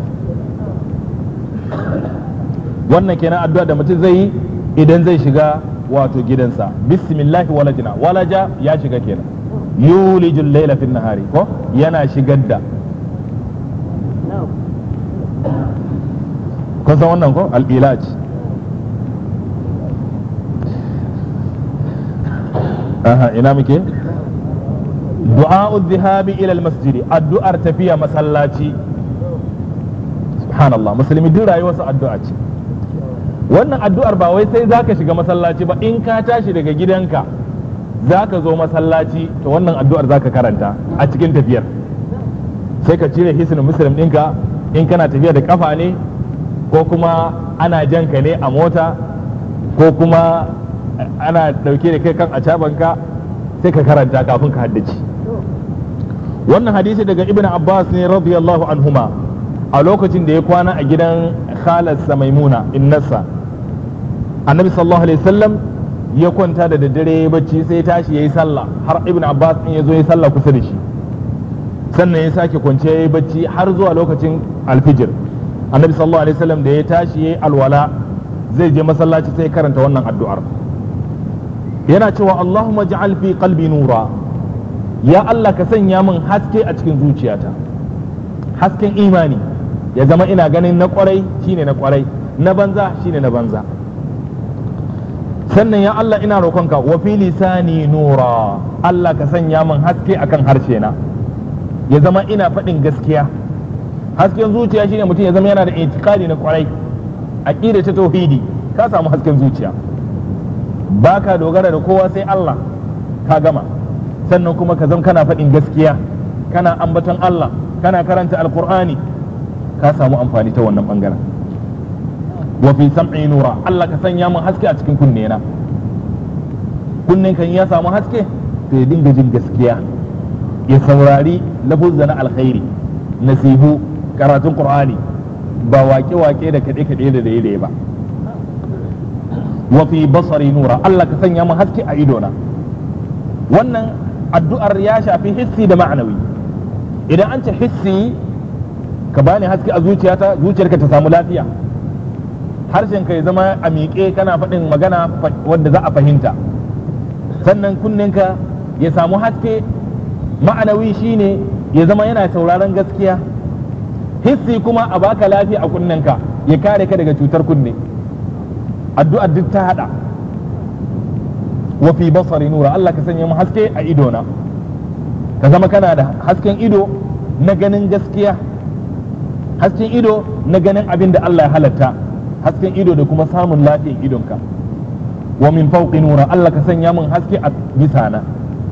wannan kenan addu'a da mutum zai yi idan zai shiga wato gidansa bismillahi walajina walaja ya shiga kenan yulijul layla fin nahari ko yana shigar da kun san wannan ko al'ilaj aha ina muke du'a'u dhahabi ila al-masjid addu'ar tafiya masallaci subhanallah musulmi duk rayuwarsa addu'a ce wannan addu'ar ba wai sai zaka shiga masallaci ba in ka tashi daga gidanka zaka zo masallaci to wannan addu'ar zaka karanta a cikin tafiyar sai ka cire hisnin muslim ɗinka in kana tafiya da kafa ne ko kuma ana jan ka ne a mota ko kuma ana ɗauke da kai kan a cabanka sai ka karanta kafin ka haddace wannan hadisi daga ibn abbas ne radiyallahu anhuma a lokacin da ya kwana a gidan khalarsa maimuna innarsa annabi sallallahu alaihi wasallam ya kwanta da daddare bacci sai tashi yayi sallah har ibn abbas din ya zo ya sallah kusa da shi sannan ya sake kwance yayi bacci har zuwa lokacin alfijir annabi sallallahu alaihi wasallam da ya tashi yayi alwala zai je masallaci sai karanta wannan addu'ar yana cewa Allahumma ja'al fi qalbi nura ya Allah ka sanya min haske a cikin zuciyata hasken imani ya zama ina ganin na kwarai shine na kwarai na banza shine na banza sannan ya Allah ina roƙonka wa fi lisani nura Allah ka sanya min haske akan harshe na ya zama ina faɗin gaskiya hasken zuciya shine mutum ya zama yana da itikadi na kwarai aqida ta tauhidi ka samu hasken zuciya baka dogara da kowa sai Allah ka gama sannan kuma ka zama kana faɗin gaskiya kana ambaton Allah kana karanta alqur'ani ka samu amfani ta wannan bangaren wa fi sam'i nura Allah ka sanya mun haske a cikin kunne na kunnen kan ya samu haske to ya dinga jin gaskiya ya saurari lafuzza na alkhairi nasihu karatun qur'ani ba wake-wake da kaɗe-kaɗe da daidai ba wa fi basari nura Allah ka sanya mu haske a idona wannan addu'ar ya shafi hissi da ma'anawi idan an ce hissi ka bani haske a zuciyata zuciyarka ta samu lafiya harshen ka ya zama a miƙe kana faɗin magana wanda za a fahimta sannan kunnen ka ya samu haske ma'anawi shine ya zama yana sauraron gaskiya hissi kuma a baka lafiya a kunnenka ya kare ka daga cutar kunne addu'a duk ta hada wa fi basari nura Allah ka sanya mu haske a ido na ka zama kana da hasken ido na ganin gaskiya hasken ido na ganin abin da Allah ya halatta hasken ido da kuma samun lafiyan idonka wa min fawqi nura Allah ka sanya mun haske a bisana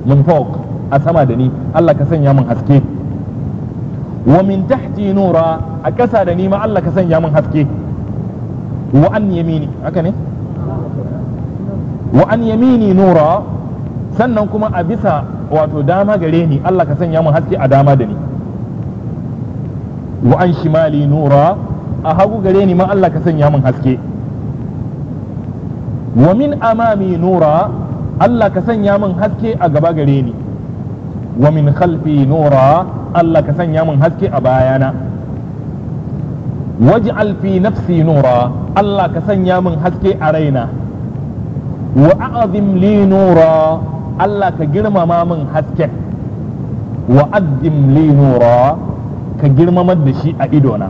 min fawq a sama da ni Allah ka sanya mun haske wa min tahti nura a ƙasa da ni ma Allah ka sanya min haske wa an yamini haka ne wa an yamini nura sannan kuma a bisa wato dama gare ni Allah ka sanya min haske a dama da ni wa an shimali nura a hagu gare ni ma Allah ka sanya min haske wa min amami nura Allah ka sanya min haske a gaba gare ni wa min khalfi nura Allah ka sanya min haske a bayana waji alfi nafsi nura Allah ka sanya min haske a raina wa a'zim li nura Allah ka girmama min haske wa azim li nura ka girmamar da shi a idona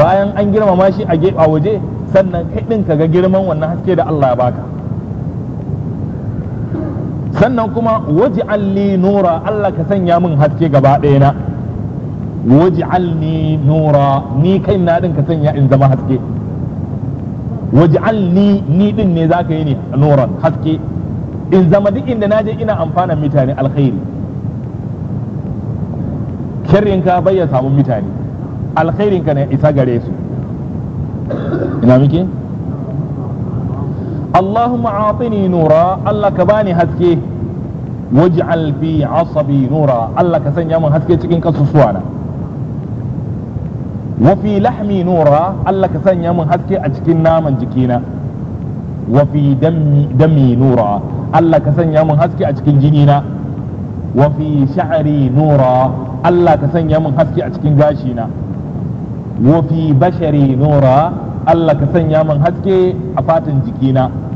bayan an girmama shi a waje sannan kai din ka ga girman wannan haske da Allah ya baka sannan kuma alli nura Allah ka sanya min haske gaba ɗaya na alli nura ni kai na ɗin ka sanya in zama haske alli ni ɗin ne zaka yi ne nura haske in zama duk inda na je ina amfana mutane alkhairi sharrin ka bayyana samu mutane alkhairin ka ne isa gare su ina muke Allahumma atini nura Allah ka bani haske waj'al fi asabi nura Allah ka sanya min haske cikin kasusuwana wa fi lahmi nura Allah ka sanya min haske a cikin naman jikina wa dammi nura Allah ka sanya min haske a cikin jinina wa fi sha'ri nura Allah ka sanya min haske a cikin gashina Wafi bashari nura Allah ka sanya min haske a fatan jikina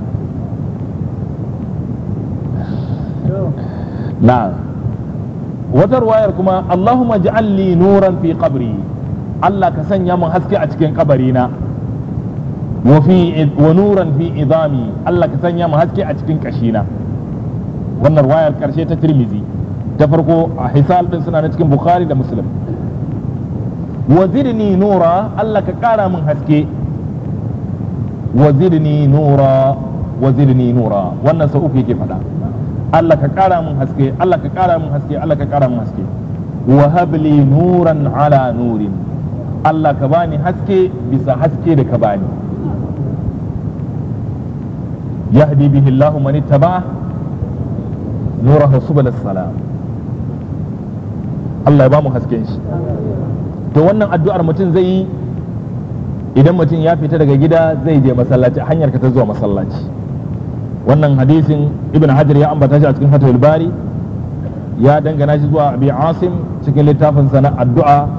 na'am wata ruwayar kuma allahu ja'al li nuran fi qabri Allah ka sanya mun haske a cikin kabarina wa nuran fi idami Allah ka sanya mun haske a cikin kashina wannan ruwayar karshe ta Tirmidhi ta farko a hisal din suna na cikin Bukhari da Muslim wa nura Allah ka kara mun haske wa zidni nura wa nura wannan sau uku yake faɗa Allah ka kara mun haske Allah ka kara mun haske Allah ka kara mun haske wa habli nuran ala nurin Allah ka bani haske bisa haske da ka bani yahdi bihi Allah man ittaba nurahu subul salam Allah ya ba bamu hasken shi to wannan addu'ar mutum zai yi idan mutum ya fita daga gida zai je masallaci hanyar ka ta zuwa masallaci wannan hadisin ibn hajar ya ambata shi a cikin fatul bari ya dangana shi zuwa abi asim cikin littafin sana addu'a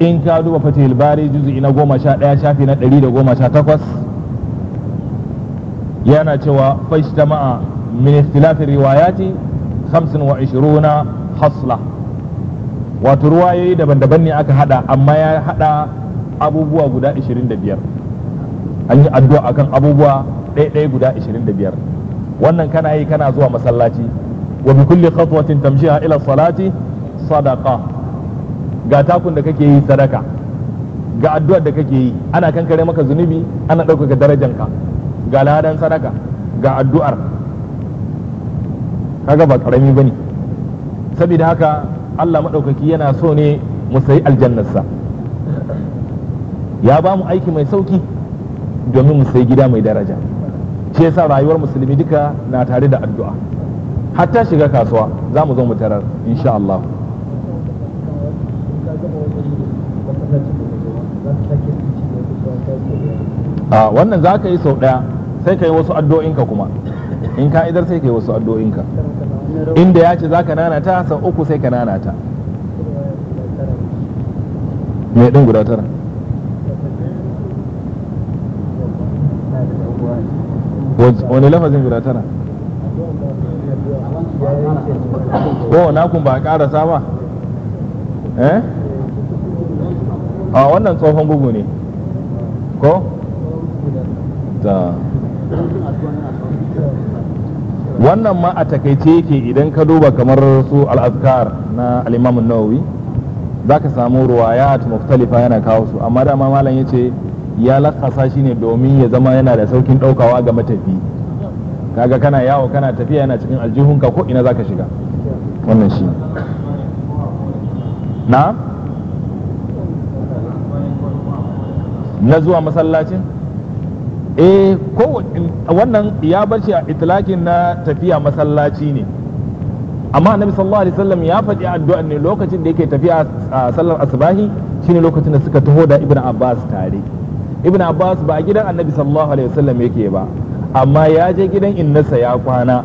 in ka duba fatul bari juz'i na goma sha ɗaya shafi na ɗari da goma sha takwas yana cewa fashtama'a min ikhtilafin riwayati 25 hasla wato ruwayoyi daban-daban ne aka hada amma ya hada abubuwa guda 25 an yi addu'a akan abubuwa ɗaiɗai guda da biyar wannan kana yi kana zuwa masallaci wa bi kulli khatwatin tamshiha ila salati sadaqa ga takun da kake yi sadaka ga addu'ar da kake yi ana kankare maka zunubi ana ɗaukaka darajanka ga ladan sadaka ga addu'ar kaga ba karami bane saboda haka Allah madaukaki yana so ne mu sayi aljannarsa ya ba mu aiki mai sauki domin mu sayi gida mai daraja shi yasa rayuwar musulmi duka na tare da addu'a hatta shiga kasuwa za mu zo mu tarar insha Allah a wannan za ka yi sau ɗaya sai ka yi wasu addu'o'inka kuma in ka idar sai ka yi wasu addu'o'inka inda ya ce za ka nanata sau uku sai ka nanata mai ɗin guda tara wani lafazin guda tara ko na kun ba karasa ba eh a wannan tsohon bugu ne ko ta wannan ma a takaice yake idan ka duba kamar su al'azkar na al'imamun nawawi za ka samu ruwayat muftalifa yana kawo su amma dama malam ya ce ya lakasa shi ne domin ya zama yana da saukin ɗaukawa ga matafi kaga kana yawo kana tafiya yana cikin aljihunka ko ina zaka shiga wannan shi na na zuwa masallacin eh ko wannan ya bar shi a itilakin na tafiya masallaci ne amma annabi sallallahu alaihi wasallam ya faɗi addu'a ne lokacin da yake tafiya a sallar asbahi shine lokacin da suka taho da ibnu abbas tare ibn abbas ba gidan annabi sallallahu alaihi wasallam yake ba amma ya je gidan innasa ya kwana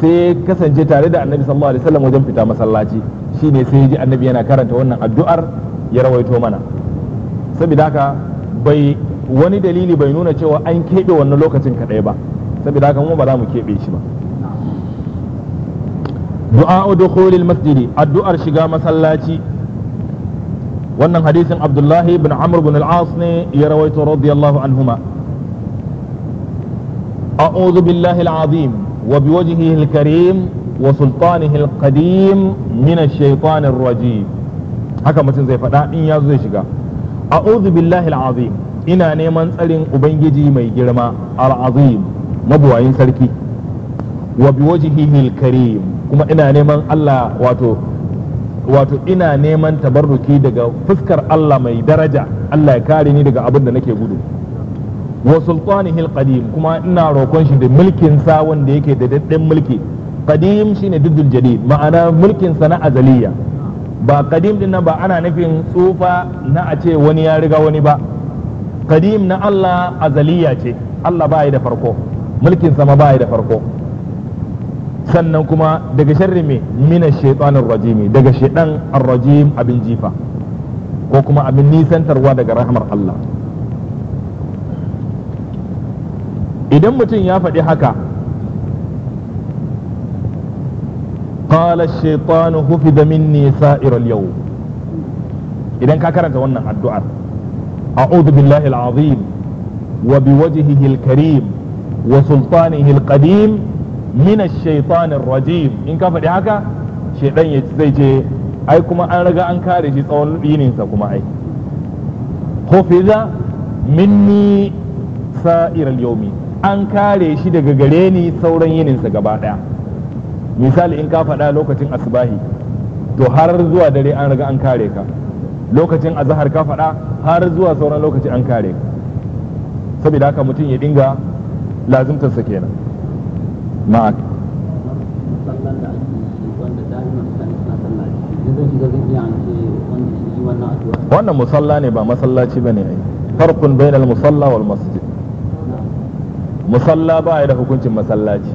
sai kasance tare da annabi sallallahu alaihi wasallam wajen fita masallaci shine sai ji annabi yana karanta wannan addu'ar ya rawaito mana saboda haka bai wani dalili bai nuna cewa an keɓe wannan lokacin kaɗai ba saboda haka mu ba za mu keɓe shi ba du'a dukhulil masjidi addu'ar shiga masallaci wannan hadisin abdullahi bin amr bin al-as ne ya rawaito radiyallahu anhuma a'udhu billahi al-azim wa biwajhihi al-karim wa sultanihi al-qadim min ash-shaytanir rajim haka mutum zai faɗa in ya zai shiga a'udhu billahi al-azim ina neman tsarin ubangiji mai girma al-azim mabuwayin sarki wa biwajhihi al-karim kuma ina neman Allah wato wato ina neman tabarruki daga fuskar Allah mai daraja Allah ya kare ni daga abin da nake gudu wa sultanihi alqadim kuma ina roƙon shi da mulkin sa wanda yake da daddan mulki qadim shine duddul jadid ma'ana mulkin sa na azaliya ba qadim din nan ba ana nufin tsufa na a ce wani ya riga wani ba qadim na Allah azaliya ce Allah ba da farko mulkin sa ma ba da farko sannan kuma daga sharri mai mina shaitanin rajimi daga shaitan arrajim abin jifa ko kuma abin nisantarwa daga rahamar Allah idan mutum ya faɗi haka قال الشيطان حفظ مني سائر اليوم إذا كاكرت وانا الدعاء أعوذ بالله العظيم وبوجهه الكريم وسلطانه القديم min ash-shaytanir rajim in ka faɗi haka shaydan ya zai ce ai kuma an raga an kare shi tsawon yininsa sa kuma ai hufiza minni al yawmi an kare shi daga gare ni sauran yinin sa gaba daya misali in ka faɗa lokacin asbahi to har zuwa dare an raga an kare ka lokacin azahar ka faɗa har zuwa sauran lokaci an kare ka saboda haka mutum ya dinga lazimtarsa kenan wannan musalla ne ba masallaci ba ne ai farkun bainal musalla wal masjid musalla ba ya da hukuncin masallaci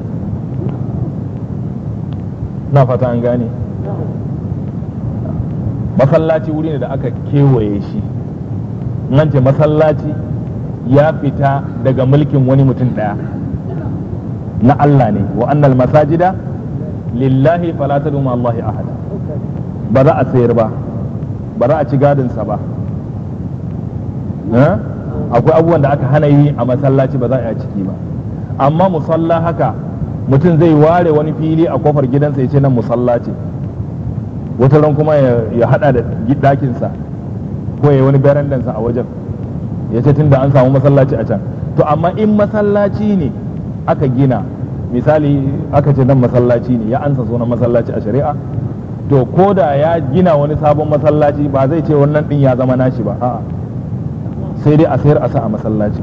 na fata an gane masallaci wuri ne da aka kewaye shi nan ce masallaci ya fita daga mulkin wani mutum daya na Allah ne wa annal masajida lillahi fala tadu ma Allah ahad ba za a sayar ba ba za a ci gadin sa ba eh? akwai abubuwan da aka hana yi a masallaci ba za a ciki ba amma musalla haka mutum zai ware wani fili a kofar gidansa ya ce nan musalla wata ran kuma ya hada da dakinsa ko ya wani barandansa a wajen ya ce tun da an samu masallaci a can to amma in masallaci ne aka gina misali aka ce nan masallaci ne ya ansa sunan masallaci a shari'a to ko da ya gina wani sabon masallaci ba zai ce wannan din ya zama nashi ba a'a sai dai a sayar a sa a masallaci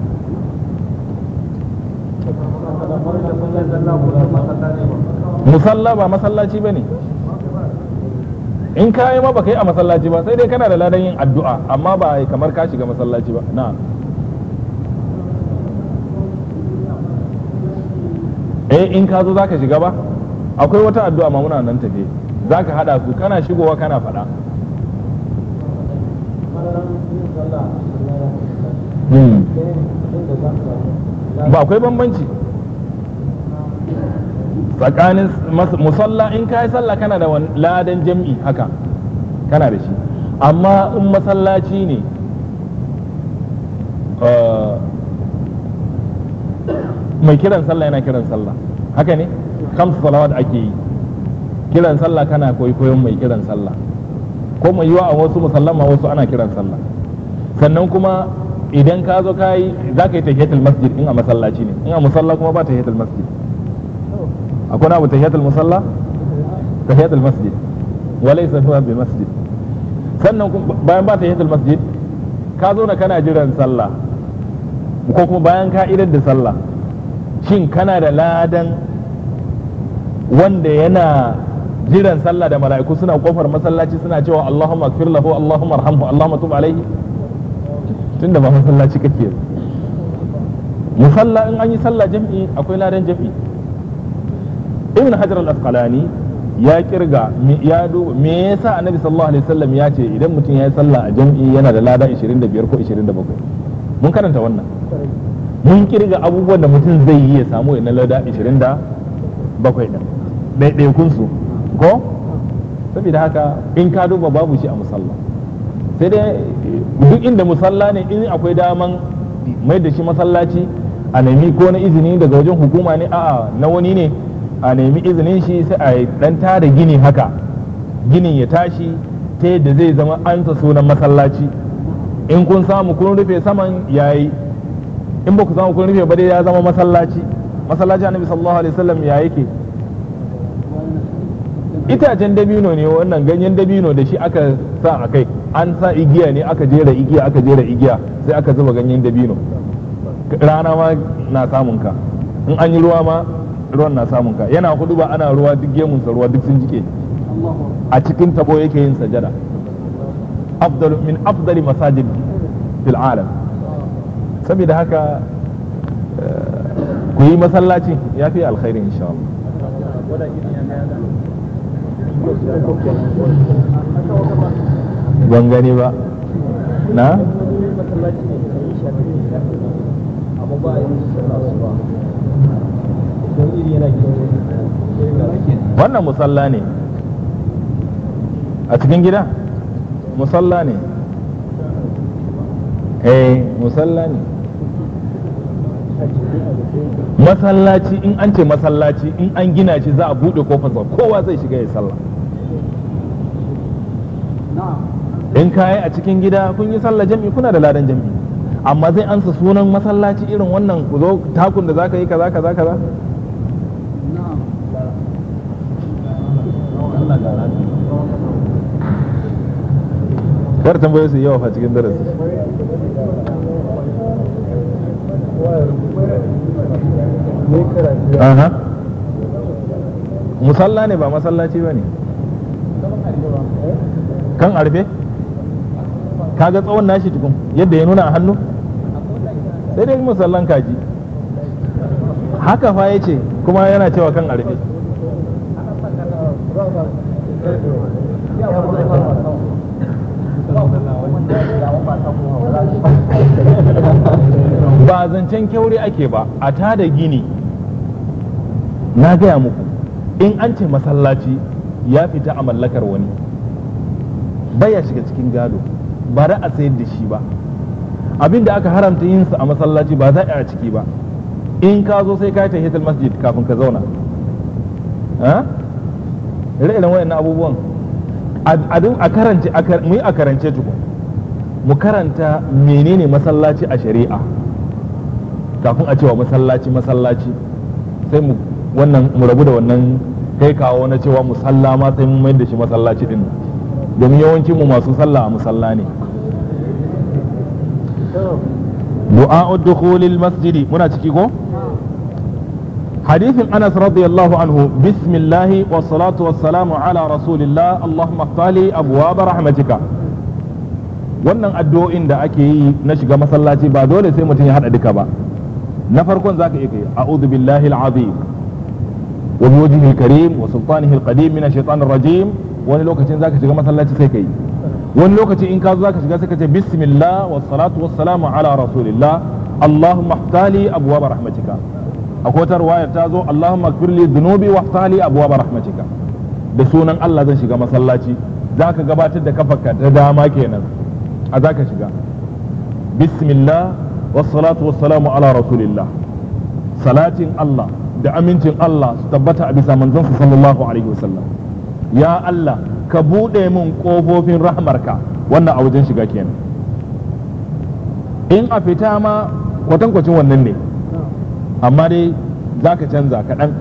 musalla ba masallaci ba ne in ka yi ma baka yi a masallaci ba sai dai kana da ladan yin addu'a amma ba kamar ka shiga masallaci ba na'am eh in ka zo zaka shiga ba akwai wata addu'a ma muna nan tafe zaka hada su kana shigowa kana faɗa hmm. ba akwai bambanci tsakanin musalla in ka yi sallah kana da ladan jam'i haka kana da shi amma in masallaci ne uh, mai kiran sallah yana kiran sallah haka ne khams salawat ake yi kiran sallah kana koyi koyon mai kiran sallah ko mai yiwa a wasu musallama wasu ana kiran sallah sannan kuma idan ka zo ka yi za ka yi tahiyatul masjid in a masallaci ne in a musalla kuma ba tahiyatul masjid akwai abu tahiyatul musalla tahiyatul masjid wa laysa huwa bi masjid sannan bayan ba tahiyatul masjid ka zo na kana jiran sallah ko kuma bayan ka idar da sallah shin kana da ladan wanda yana jiran sallah da mala'iku suna kofar masallaci suna cewa Allahumma akfir lahu Allahumma arhamhu Allahumma tub alayhi tunda ba masallaci kake musalla in an yi sallah jami'i akwai ladan jami'i. ibn hajar al-asqalani ya kirga ya duba me yasa annabi sallallahu alaihi wasallam ya ce idan mutum ya yi sallah a jami'i yana da lada 25 ko 27 mun karanta wannan mun kirga abubuwan da mutum zai yi ya samu ina lada 27 din ɗaiɗaikun su ko saboda haka in ka duba babu shi a musalla sai dai duk inda musalla ne in akwai daman mai da shi masallaci a nemi ko na izini daga wajen hukuma ne a'a na wani ne a nemi izinin shi sai a dan tare gini haka ginin ya tashi ta yadda zai zama an sunan masallaci in kun samu kun rufe saman yayi in ba ku samu kun rufe ba dai ya zama masallaci masallaci annabi sallallahu alaihi wasallam ya yake itacen dabino ne wannan ganyen dabino da shi aka sa a kai an sa igiya ne aka jera igiya aka jera igiya sai aka zuba ganyen dabino rana ma na samun ka in an yi ruwa ma ruwan na samun ka yana hudu ba ana ruwa duk gemunsa ruwa duk sun jike a cikin tabo yake yin sajada afdal min afdali masajid fil alam saboda haka eh, ku yi masallacin ya fi alkhairi insha Allah ban gani ba na wannan musalla ne a cikin gida musalla ne eh musalla ne masallaci in an ce masallaci in an gina shi za a buɗe kofarsa kowa zai shiga ya sallah in kayi a cikin gida kun yi sallah jam'i kuna da ladan jam'i amma zai ansa sunan masallaci irin wannan ku zo takun da zaka yi kaza kaza kaza kar tambaye su yawa a cikin darasi aha musalla ne ba masallaci ba ne kan arfe kaga tsawon nashi tukun yadda ya nuna a hannu sai dai musallan kaji haka fa ya ce kuma yana cewa kan arfe ba zancen kyaure ake ba a tada gini na gaya muku in an ce masallaci ya fita a mallakar wani baya shiga cikin gado ba za a sayar da shi ba abin da aka haramta yin su a masallaci ba za a ciki ba in ka zo sai ka ta hitil masjid kafin ka zauna ire-iren wayannan abubuwan a mu yi a karance tukun mu karanta menene masallaci a shari'a kafin a cewa masallaci masallaci sai mu wannan mu rabu da wannan kai kawo na cewa musalla ma sai mun mai da shi masallaci din domin yawancin mu masu sallah a musalla ne du'a dukhulil masjidi muna ciki ko حديث أنس رضي الله عنه بسم الله والصلاة والسلام على رسول الله اللهم افتح لي أبواب رحمتك wannan addu'o'in da ake yi na shiga masallaci ba dole sai mutum ya hada duka ba na farkon zaka iya kai a'udhu billahi al-azim wa biwajhihi karim wa sultanihi al-qadim min ash-shaytanir rajim wani lokacin zaka shiga masallaci sai kai wani lokaci in ka zo zaka shiga sai ka ce bismillah was salatu was salamu ala rasulillah allahumma iftali abwaab rahmatika akwai wata ruwayar ta zo Allahumma ighfir dunubi dhunubi wa ftali abwaab rahmatika da sunan Allah zan shiga masallaci za ka gabatar da kafarka da dama kenan a za ka shiga bismillah wassalatu wassalamu ala rasulillah salatin Allah da amincin Allah su tabbata a bisa manzon sallallahu alaihi wasallam ya Allah ka bude min kofofin rahmarka wannan a wajen shiga kenan in a fita ma kwatankwacin wannan ne amma dai za ka canza kaɗan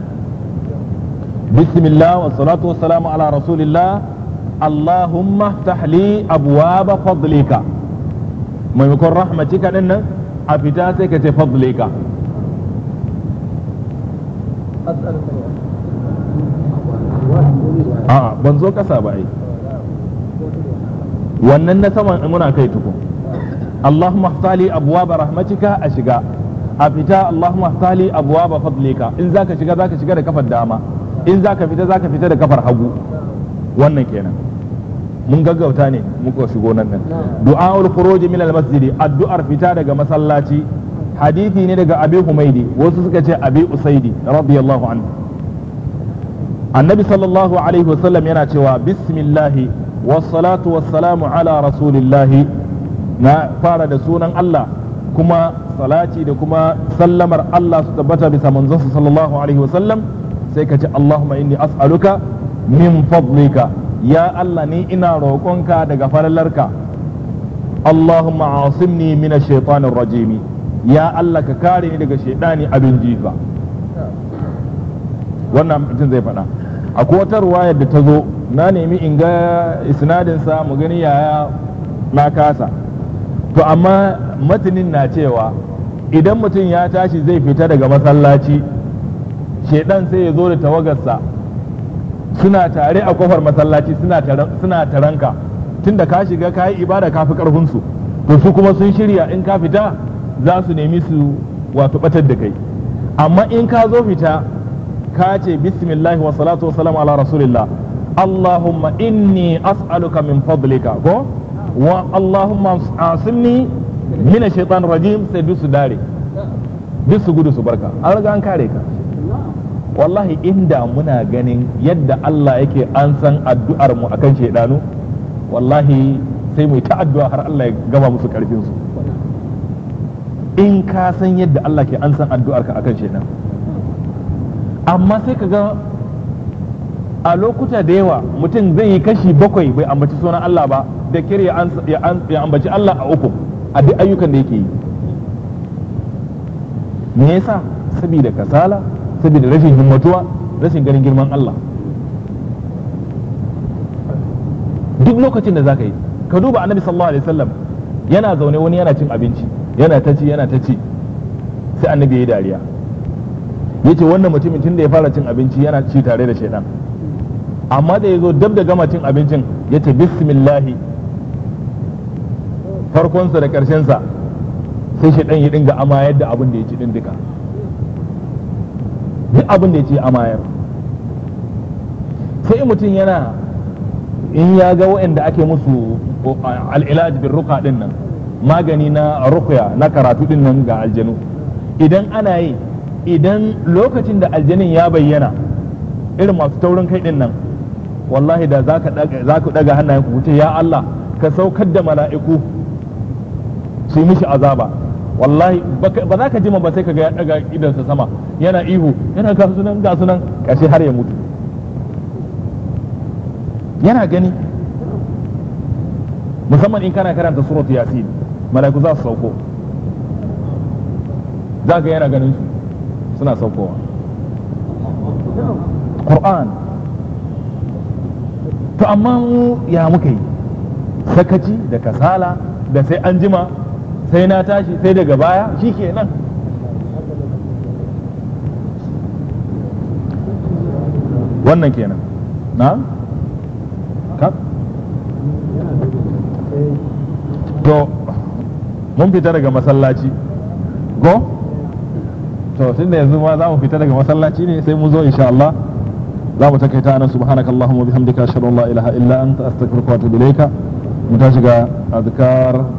bismillah wa salatu wa salamu ala rasulillah allahumma tahli abwaba fadlika maimakon rahmatika din nan a fita sai ka ce fadlika a'a ban zo kasa ba ai wannan na saman muna kai tukun allahumma ftali abwaba rahmatika a shiga a fita Allahumma ftali abwaaba fadlika in zaka shiga zaka shiga da kafar dama in zaka fita zaka fita da kafar hagu wannan kenan mun gaggauta ne muka shigo nan nan du'aul khuruj min al masjid addu'ar fita daga masallaci hadithi ne daga abi humaidi wasu suka ce abi usaidi radiyallahu anhu annabi sallallahu alaihi wasallam yana cewa bismillahi wassalatu wassalamu ala rasulillahi na fara da sunan Allah kuma salati da kuma sallamar Allah su tabbata bisa manzansa sallallahu alaihi wasallam sai ka ce Allahumma inni as'aluka min fadlika ya Allah ni ina roƙonka daga falalarka Allahumma asimni min ash-shaytanir rajimi ya Allah ka kare ni daga shaidani abin jifa wannan mutum zai faɗa a wata ruwayar da ta zo na nemi in ga isnadinsa mu gani yaya na kasa to amma matinin na cewa idan mutum ya tashi zai fita daga masallaci shaidan sai ya zo da tawagarsa suna tare a kofar masallaci suna taranka tunda ka shiga ka yi ibada ka fi karfinsu to su kuma sun shirya in ka fita za su nemi su wato batar da kai amma in ka zo fita ka ce bismillahi wa salatu wa salam ala rasulillah allahumma inni as'aluka min fadlika ko wa allahumma asini mina shaitan rajim sai duk su dare duk su gudu su barka an riga an kare ka wallahi inda muna ganin yadda Allah yake an san addu'ar mu akan shaitanu wallahi sai mu ta addu'a har Allah ya gama musu karfin su in ka san yadda Allah ke an san addu'ar ka akan shaitan amma sai ka ga a lokuta da yawa mutum zai yi kashi bakwai bai ambaci sunan Allah ba da kire ya ambaci Allah a uku a duk ayyukan da yake yi me yasa saboda kasala saboda rashin himmatuwa rashin ganin girman Allah duk lokacin da zaka yi ka duba annabi sallallahu alaihi wasallam yana zaune wani yana cin abinci yana ta ci yana ta ci sai annabi ya yi dariya yace wannan mutumin tun da ya fara cin abinci yana ci tare da shaidan amma da ya zo dab da gama cin abincin ya ce bismillahi farkonsa da ƙarshensa sai shi ɗan ɗin dinga amayar da abin da ya ci ɗin duka duk abin da ya ci amayar sai mutum yana in ya ga waɗanda ake musu al'ilaj bin ruka ɗin nan magani na rukuya na karatu ɗin nan ga aljanu idan ana yi idan lokacin da aljanin ya bayyana irin masu taurin kai ɗin nan wallahi da za ku ɗaga hannayen ku wuce ya Allah ka saukar da mala'iku su mishi azaba wallahi ba za ka jima ba sai ka ga ya daga idansa sama yana ihu yana ga sunan ga sunan kashi har ya mutu yana gani musamman in kana karanta suratu yasin mala'iku za su sauko za ka yana ganin su suna saukowa Qur'an to amma ya muka yi sakaci da kasala da sai an jima sai na tashi sai daga baya shi kenan wannan kenan na to mun fita daga masallaci go to da yanzu ma za mu fita daga masallaci ne sai mu zo insha Allah za mu takaita nan Allahumma bihamdika ashhadu an la ilaha illa anta astaghfiruka wa atubu ilayka mu tashi ga azkar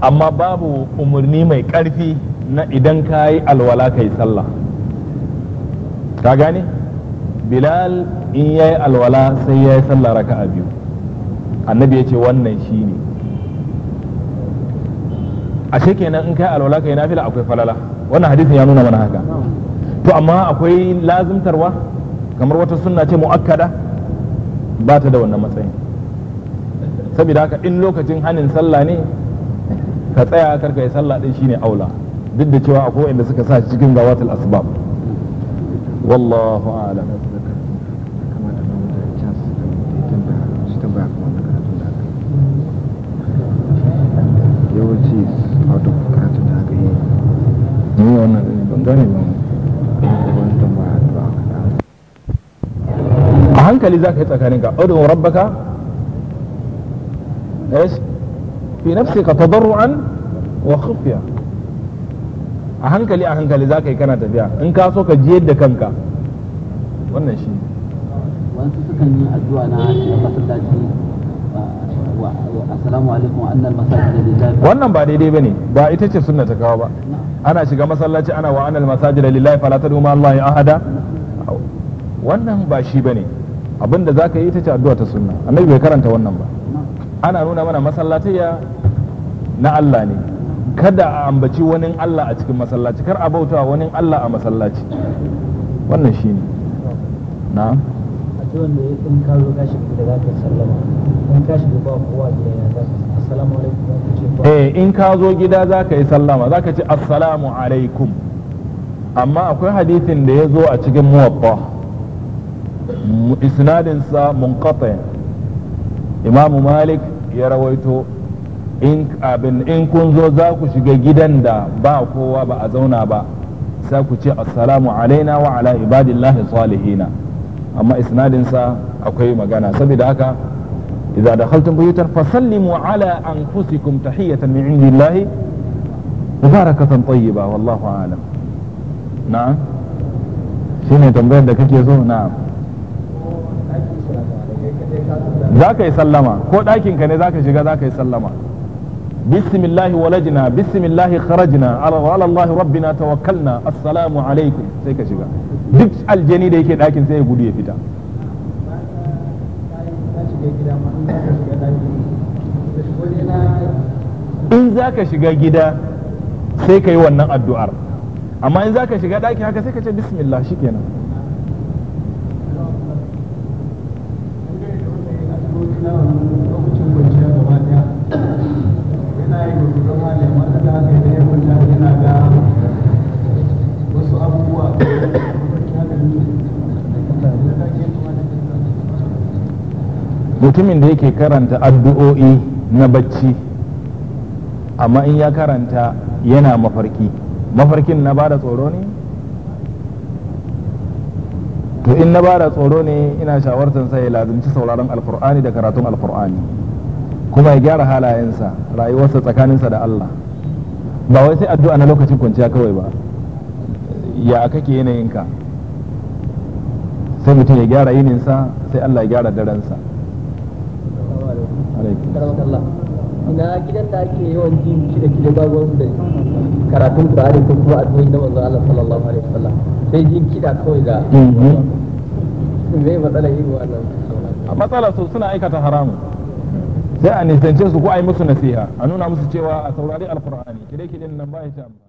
amma babu umarni mai ƙarfi na idan ka yi alwala ka yi sallah ka gane bilal in ya yi alwala sai ya yi sallah raka a biyu annabi ya ce wannan shi ne ashe kenan in ka yi alwala ka yi nafila akwai falala wannan hadisin ya nuna mana haka to amma akwai lazimtarwa kamar wata sunna ce mu'akkada ba ta da wannan matsayin saboda haka in lokacin hannun sallah ne ka tsaya ka yi sallah din shine aula duk da cewa akwai wanda suka sa cikin gawatul asbab wallahu a'lam a hankali za ka yi tsakaninka ɗaurin rabbaka fi nafsika tadarruan wa khufiya a hankali a hankali za ka yi kana tafiya in ka ka jiyar da kanka wannan shi wasu sukan yi addu'a na masallaci assalamu alaikum annal masajid lillahi wannan ba daidai bane ba ita ce sunna ta kawo ba ana shiga masallaci ana wa annal masajid lillahi fala tad'u ma allahi ahada wannan ba shi bane abinda zaka yi ita ce addu'a ta sunna annabi bai karanta wannan ba ana nuna mana masallatayya na Allah ne kada a ambaci wani Allah a cikin masallaci kar a bauta wani Allah a masallaci wannan shi ne na a ce wanda ya in ka zo da za ka sallama in ka shiga ba kowa gida ya za ka assalamu alaikum eh in ka zo gida za ka yi sallama za ka ce assalamu alaikum amma akwai hadithin da ya zo a cikin muwabba isnadinsa munqati' imamu malik ya rawaito in in kun zo za ku shiga gidan da ba kowa ba a zauna ba sai ku ce assalamu alaina wa ala ibadillahi salihina amma isnadin akwai magana saboda haka idza dakhaltum buyutan fasallimu ala anfusikum tahiyatan min indillahi mubarakatan tayyiba wallahu alam na shine tambayar da kake so na. za ka yi sallama ko ɗakinka ne za ka shiga za ka yi sallama bismillahi walajina bismillahi kharajina ala rabbina tawakkalna assalamu alaikum sai ka shiga duk aljani da yake ɗakin sai ya gudu ya fita in za ka shiga gida sai ka yi wannan addu'ar amma in za ka shiga ɗaki haka sai ka ce bismillah shikenan mutumin da yake karanta addu'o'i na bacci amma in ya karanta yana mafarki mafarkin na bada tsoro ne to in na bada tsoro ne ina shawartar sai lazimci sauraron alkur'ani da karatun alkur'ani kuma ya gyara halayensa rayuwarsa tsakaninsa da Allah ba wai sai addu'a na lokacin kwanciya kawai ba ya kake yanayinka sai mutum ya gyara yininsa sai Allah ya gyara daransa ina gidan da ake yawan jin shi da kida babu da karatun Qur'ani ko kuma addu'o'i na manzon Allah sallallahu alaihi wasallam sai jin kida kawai da mhm. me matsala yi wa Allah a matsala su suna aikata haramun sai a nisance su ko a yi musu nasiha a nuna musu cewa a saurari alkur'ani kire-kire kiden nan ba ya ci amfani